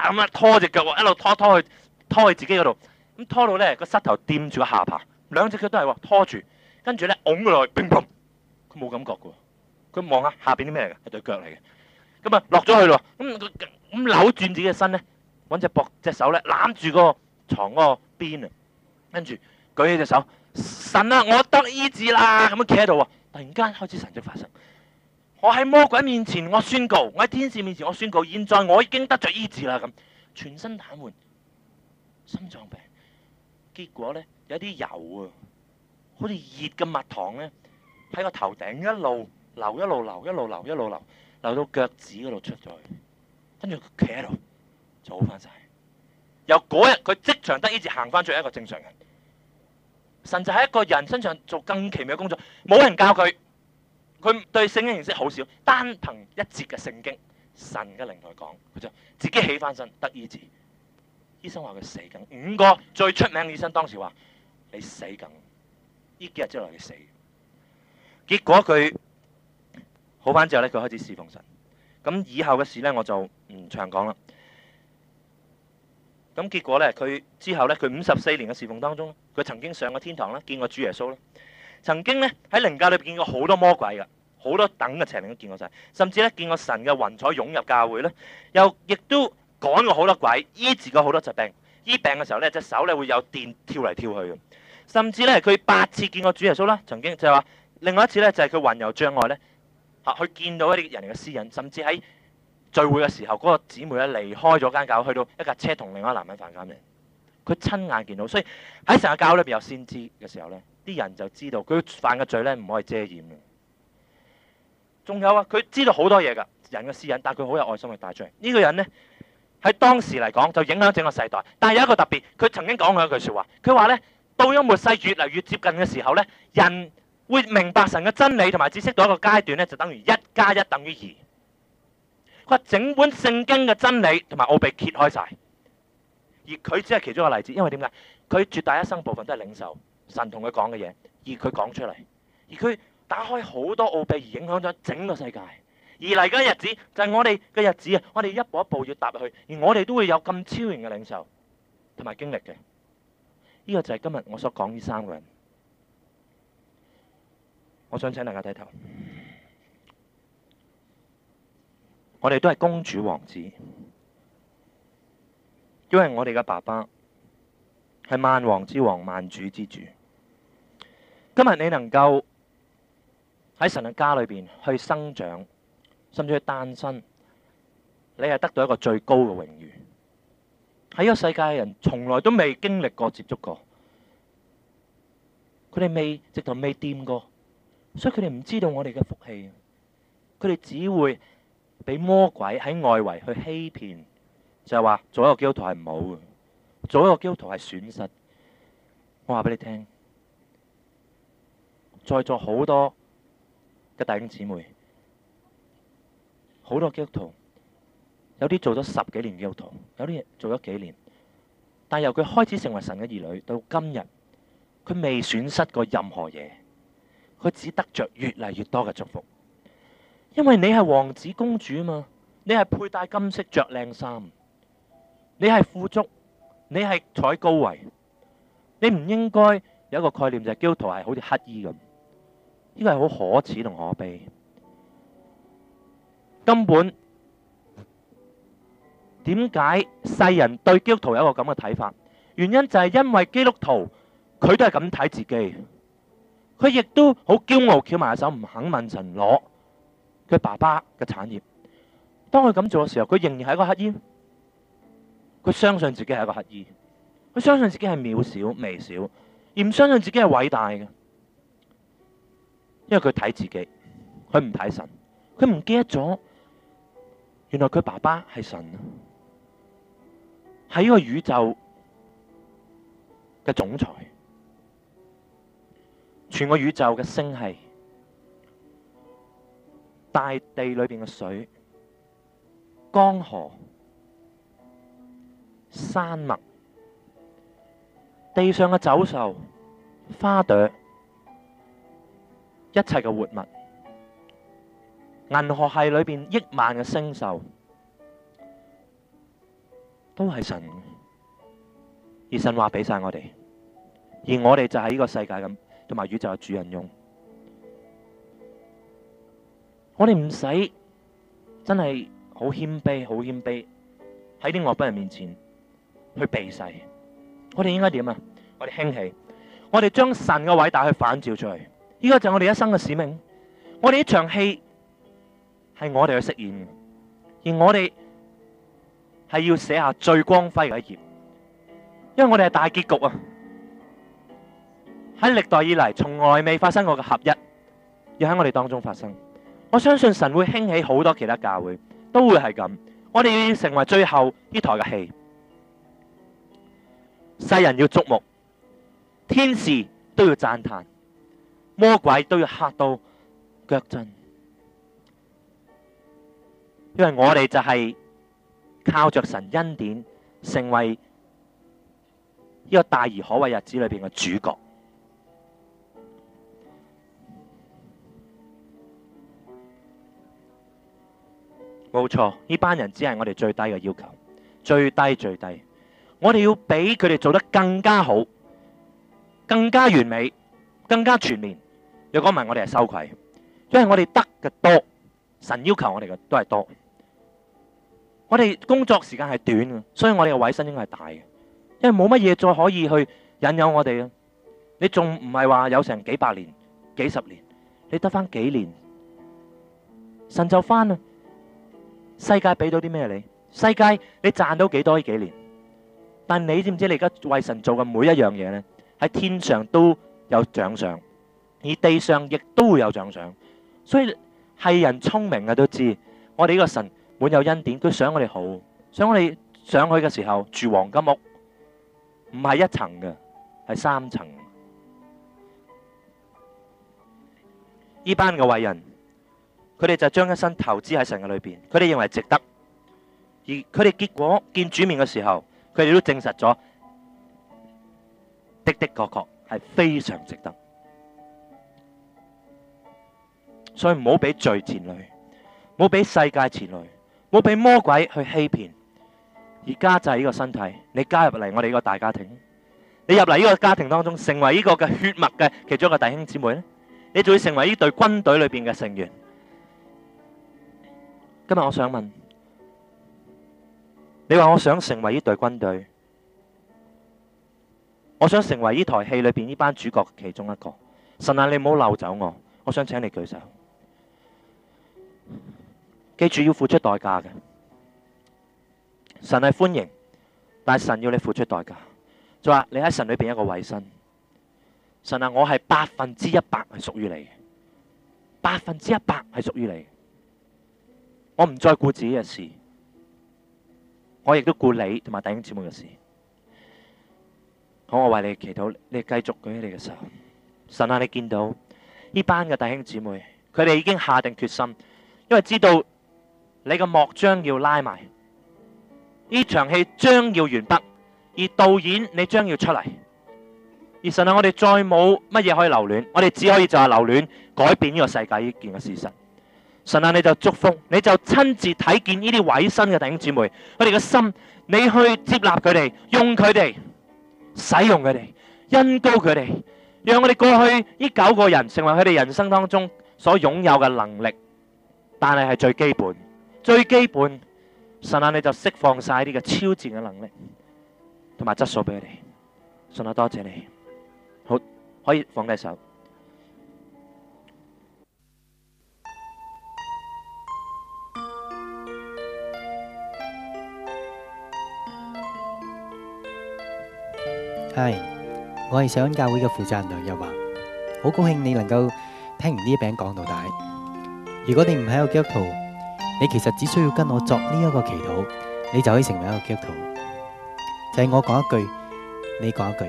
咁啊拖隻腳一路拖拖去拖去自己嗰度，咁拖到咧個膝頭掂住個下巴，兩隻腳都係喎拖住，跟住咧㧬落嚟，乒乓佢冇感覺嘅。佢望下下邊啲咩嘅係對腳嚟嘅，咁啊落咗去咯咁佢。咁扭轉自己嘅身呢揾，隻膊隻手咧攬住個床嗰個邊啊，跟住舉起隻手，神啊，我得醫治啦！咁樣企喺度啊，突然間開始神蹟發生。我喺魔鬼面前，我宣告；我喺天使面前，我宣告。現在我已經得咗醫治啦，咁全身癱瘓，心臟病。結果呢，有啲油啊，好似熱嘅蜜糖呢，喺個頭頂一路流，一路流，一路流，一路流，流到腳趾嗰度出咗去。跟住企喺度，就好翻晒。由嗰日佢即場得醫治，行翻出一個正常人。甚至喺一個人身上做更奇妙嘅工作，冇人教佢，佢對聖經認識好少。單憑一節嘅聖經，神嘅靈來講，佢就自己起翻身得醫治。醫生話佢死緊，五個最出名嘅醫生當時話你死緊，呢幾日之內你死了。結果佢好翻之後咧，佢開始侍奉神。咁以後嘅事呢，我就唔長講啦。咁結果呢，佢之後呢，佢五十四年嘅侍奉當中，佢曾經上過天堂啦，見過主耶穌啦，曾經呢，喺靈界裏邊見過好多魔鬼嘅，好多等嘅邪靈都見過晒，甚至呢，見過神嘅雲彩湧入教會呢，又亦都趕過好多鬼，醫治過好多疾病，醫病嘅時候呢，隻手呢會有電跳嚟跳去，甚至呢，佢八次見過主耶穌啦，曾經就係話，另外一次呢，就係佢魂遊障礙呢。嚇！佢、啊、見到一啲人嘅私隱，甚至喺聚會嘅時候，嗰、那個姊妹咧離開咗間教會，去到一架車同另外一男人犯奸嘅，佢親眼見到。所以喺成個教會裏邊有先知嘅時候呢，啲人就知道佢犯嘅罪呢，唔可以遮掩嘅。仲有啊，佢知道好多嘢噶人嘅私隱，但係佢好有愛心去帶出嚟。呢、這個人呢，喺當時嚟講就影響整個世代，但係有一個特別，佢曾經講過一句説話，佢話呢，到咗末世越嚟越接近嘅時候呢。」人。會明白神嘅真理同埋，知識到一個階段呢，就等於一加一等於二。佢話整本聖經嘅真理同埋奧秘揭開晒，而佢只係其中一個例子。因為點解？佢絕大一生部分都係領受神同佢講嘅嘢，而佢講出嚟，而佢打開好多奧秘，而影響咗整個世界。而嚟緊日子就係、是、我哋嘅日子啊！我哋一步一步要踏入去，而我哋都會有咁超然嘅領受同埋經歷嘅。呢、這個就係今日我所講呢三個人。我想請大家睇頭，我哋都係公主王子，因為我哋嘅爸爸係萬王之王、萬主之主。今日你能夠喺神嘅家裏邊去生長，甚至去誕生，你係得到一個最高嘅榮譽。喺呢個世界嘅人，從來都未經歷過、接觸過，佢哋未直頭未掂過。所以佢哋唔知道我哋嘅福氣，佢哋只會俾魔鬼喺外圍去欺騙，就係話做一個基督徒係唔好嘅，做一個基督徒係損失。我話俾你聽，在座好多嘅弟兄姊妹，好多基督徒，有啲做咗十幾年基督徒，有啲做咗幾年，但由佢開始成為神嘅兒女到今日，佢未損失過任何嘢。佢只得着越嚟越多嘅祝福，因為你係王子公主啊嘛，你係佩戴金色着靚衫，你係富足，你係坐喺高位，你唔應該有一個概念就係基督徒係好似乞兒咁，呢個係好可恥同可悲。根本點解世人對基督徒有一個咁嘅睇法？原因就係因為基督徒佢都係咁睇自己。佢亦都好驕傲，翹埋手唔肯問神攞佢爸爸嘅產業。當佢咁做嘅時候，佢仍然係一個乞兒。佢相信自己係一個乞兒，佢相信自己係渺小微小，而唔相信自己係偉大嘅。因為佢睇自己，佢唔睇神，佢唔記得咗原來佢爸爸係神，係呢個宇宙嘅總裁。全個宇宙嘅星系、大地裏邊嘅水、江河、山脈、地上嘅走獸、花朵、一切嘅活物、銀河系裏邊億萬嘅星獸，都係神。而神話俾晒我哋，而我哋就喺呢個世界咁。同埋宇宙就係主人翁，我哋唔使真係好謙卑，好謙卑喺啲外邦人面前去避世，我哋應該點啊？我哋興起，我哋將神嘅偉大去反照出去，呢個就係我哋一生嘅使命。我哋呢場戲係我哋去飾演，而我哋係要寫下最光輝嘅一頁，因為我哋係大結局啊！喺歷代以嚟，從來未發生過嘅合一，要喺我哋當中發生。我相信神會興起好多其他教會，都會係咁。我哋要成為最後呢台嘅戲，世人要矚目，天使都要讚嘆，魔鬼都要吓到腳震，因為我哋就係靠着神恩典，成為呢個大而可畏日子裏邊嘅主角。冇錯，呢班人只係我哋最低嘅要求，最低最低。我哋要比佢哋做得更加好，更加完美，更加全面。若果唔係，我哋係羞愧，因為我哋得嘅多，神要求我哋嘅都係多。我哋工作時間係短嘅，所以我哋嘅委身應該係大嘅，因為冇乜嘢再可以去引誘我哋啊！你仲唔係話有成幾百年、幾十年？你得翻幾年，神就翻啦。世界俾到啲咩你？世界你賺到幾多呢幾年？但你知唔知你而家為神做嘅每一樣嘢咧，喺天上都有獎賞，而地上亦都會有獎賞。所以係人聰明嘅都知，我哋呢個神滿有恩典，都想我哋好，想我哋上去嘅時候住黃金屋，唔係一層嘅，係三層。呢班嘅偉人。佢哋就將一生投資喺神嘅裏邊，佢哋認為值得，而佢哋結果見主面嘅時候，佢哋都證實咗的的確確係非常值得。所以唔好俾罪纏女，唔好俾世界纏女，唔好俾魔鬼去欺騙。而家就係呢個身體，你加入嚟我哋呢個大家庭，你入嚟呢個家庭當中，成為呢個嘅血脈嘅其中一個弟兄姊妹咧，你就會成為呢隊軍隊裏邊嘅成員。今日我想問你話，我想成為呢隊軍隊，我想成為呢台戲裏邊呢班主角其中一個。神啊，你唔好漏走我。我想請你舉手。記住要付出代價嘅。神係歡迎，但係神要你付出代價。就話你喺神裏邊一個偉人。神啊，我係百分之一百係屬於你，百分之一百係屬於你。我唔再顧自己嘅事，我亦都顧你同埋弟兄姊妹嘅事。好，我為你祈禱，你繼續舉起你嘅手。神啊，你見到呢班嘅弟兄姊妹，佢哋已經下定決心，因為知道你嘅幕將要拉埋，呢場戲將要完畢，而導演你將要出嚟。而神啊，我哋再冇乜嘢可以留戀，我哋只可以就係留戀，改變呢個世界呢件嘅事實。神啊，你就祝福，你就親自睇見呢啲委身嘅弟兄姊妹，我哋嘅心，你去接納佢哋，用佢哋，使用佢哋，恩膏佢哋，讓我哋過去呢九個人成為佢哋人生當中所擁有嘅能力，但係係最基本、最基本。神啊，你就釋放晒呢個超前嘅能力同埋質素俾佢哋。神啊，多謝你，好可以放低手。我係社安教會嘅負責人梁日華，好高興你能夠聽完呢一餅講到大。如果你唔係一個基督徒，你其實只需要跟我作呢一個祈禱，你就可以成為一個基督徒。就係我講一句，你講一句，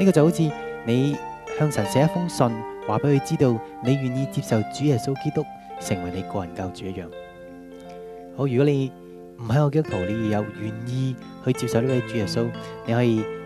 呢個就好似你向神寫一封信，話俾佢知道你願意接受主耶穌基督成為你個人救主一樣。好，如果你唔係一個基督徒，你又願意去接受呢位主耶穌，你可以。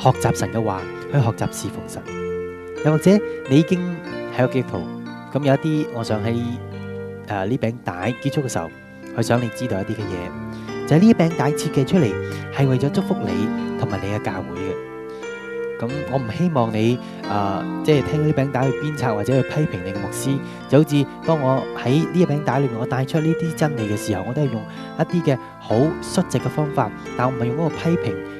學習神嘅話，去學習侍奉神。又或者你已經喺個基督徒，咁有一啲，我想喺誒呢餅帶結束嘅時候，去想你知道一啲嘅嘢，就係、是、呢餅帶設計出嚟係為咗祝福你同埋你嘅教會嘅。咁我唔希望你誒、呃、即係聽到呢餅帶去鞭策或者去批評你嘅牧師。就好似當我喺呢一餅帶裏面，我帶出呢啲真理嘅時候，我都係用一啲嘅好率直嘅方法，但我唔係用嗰個批評。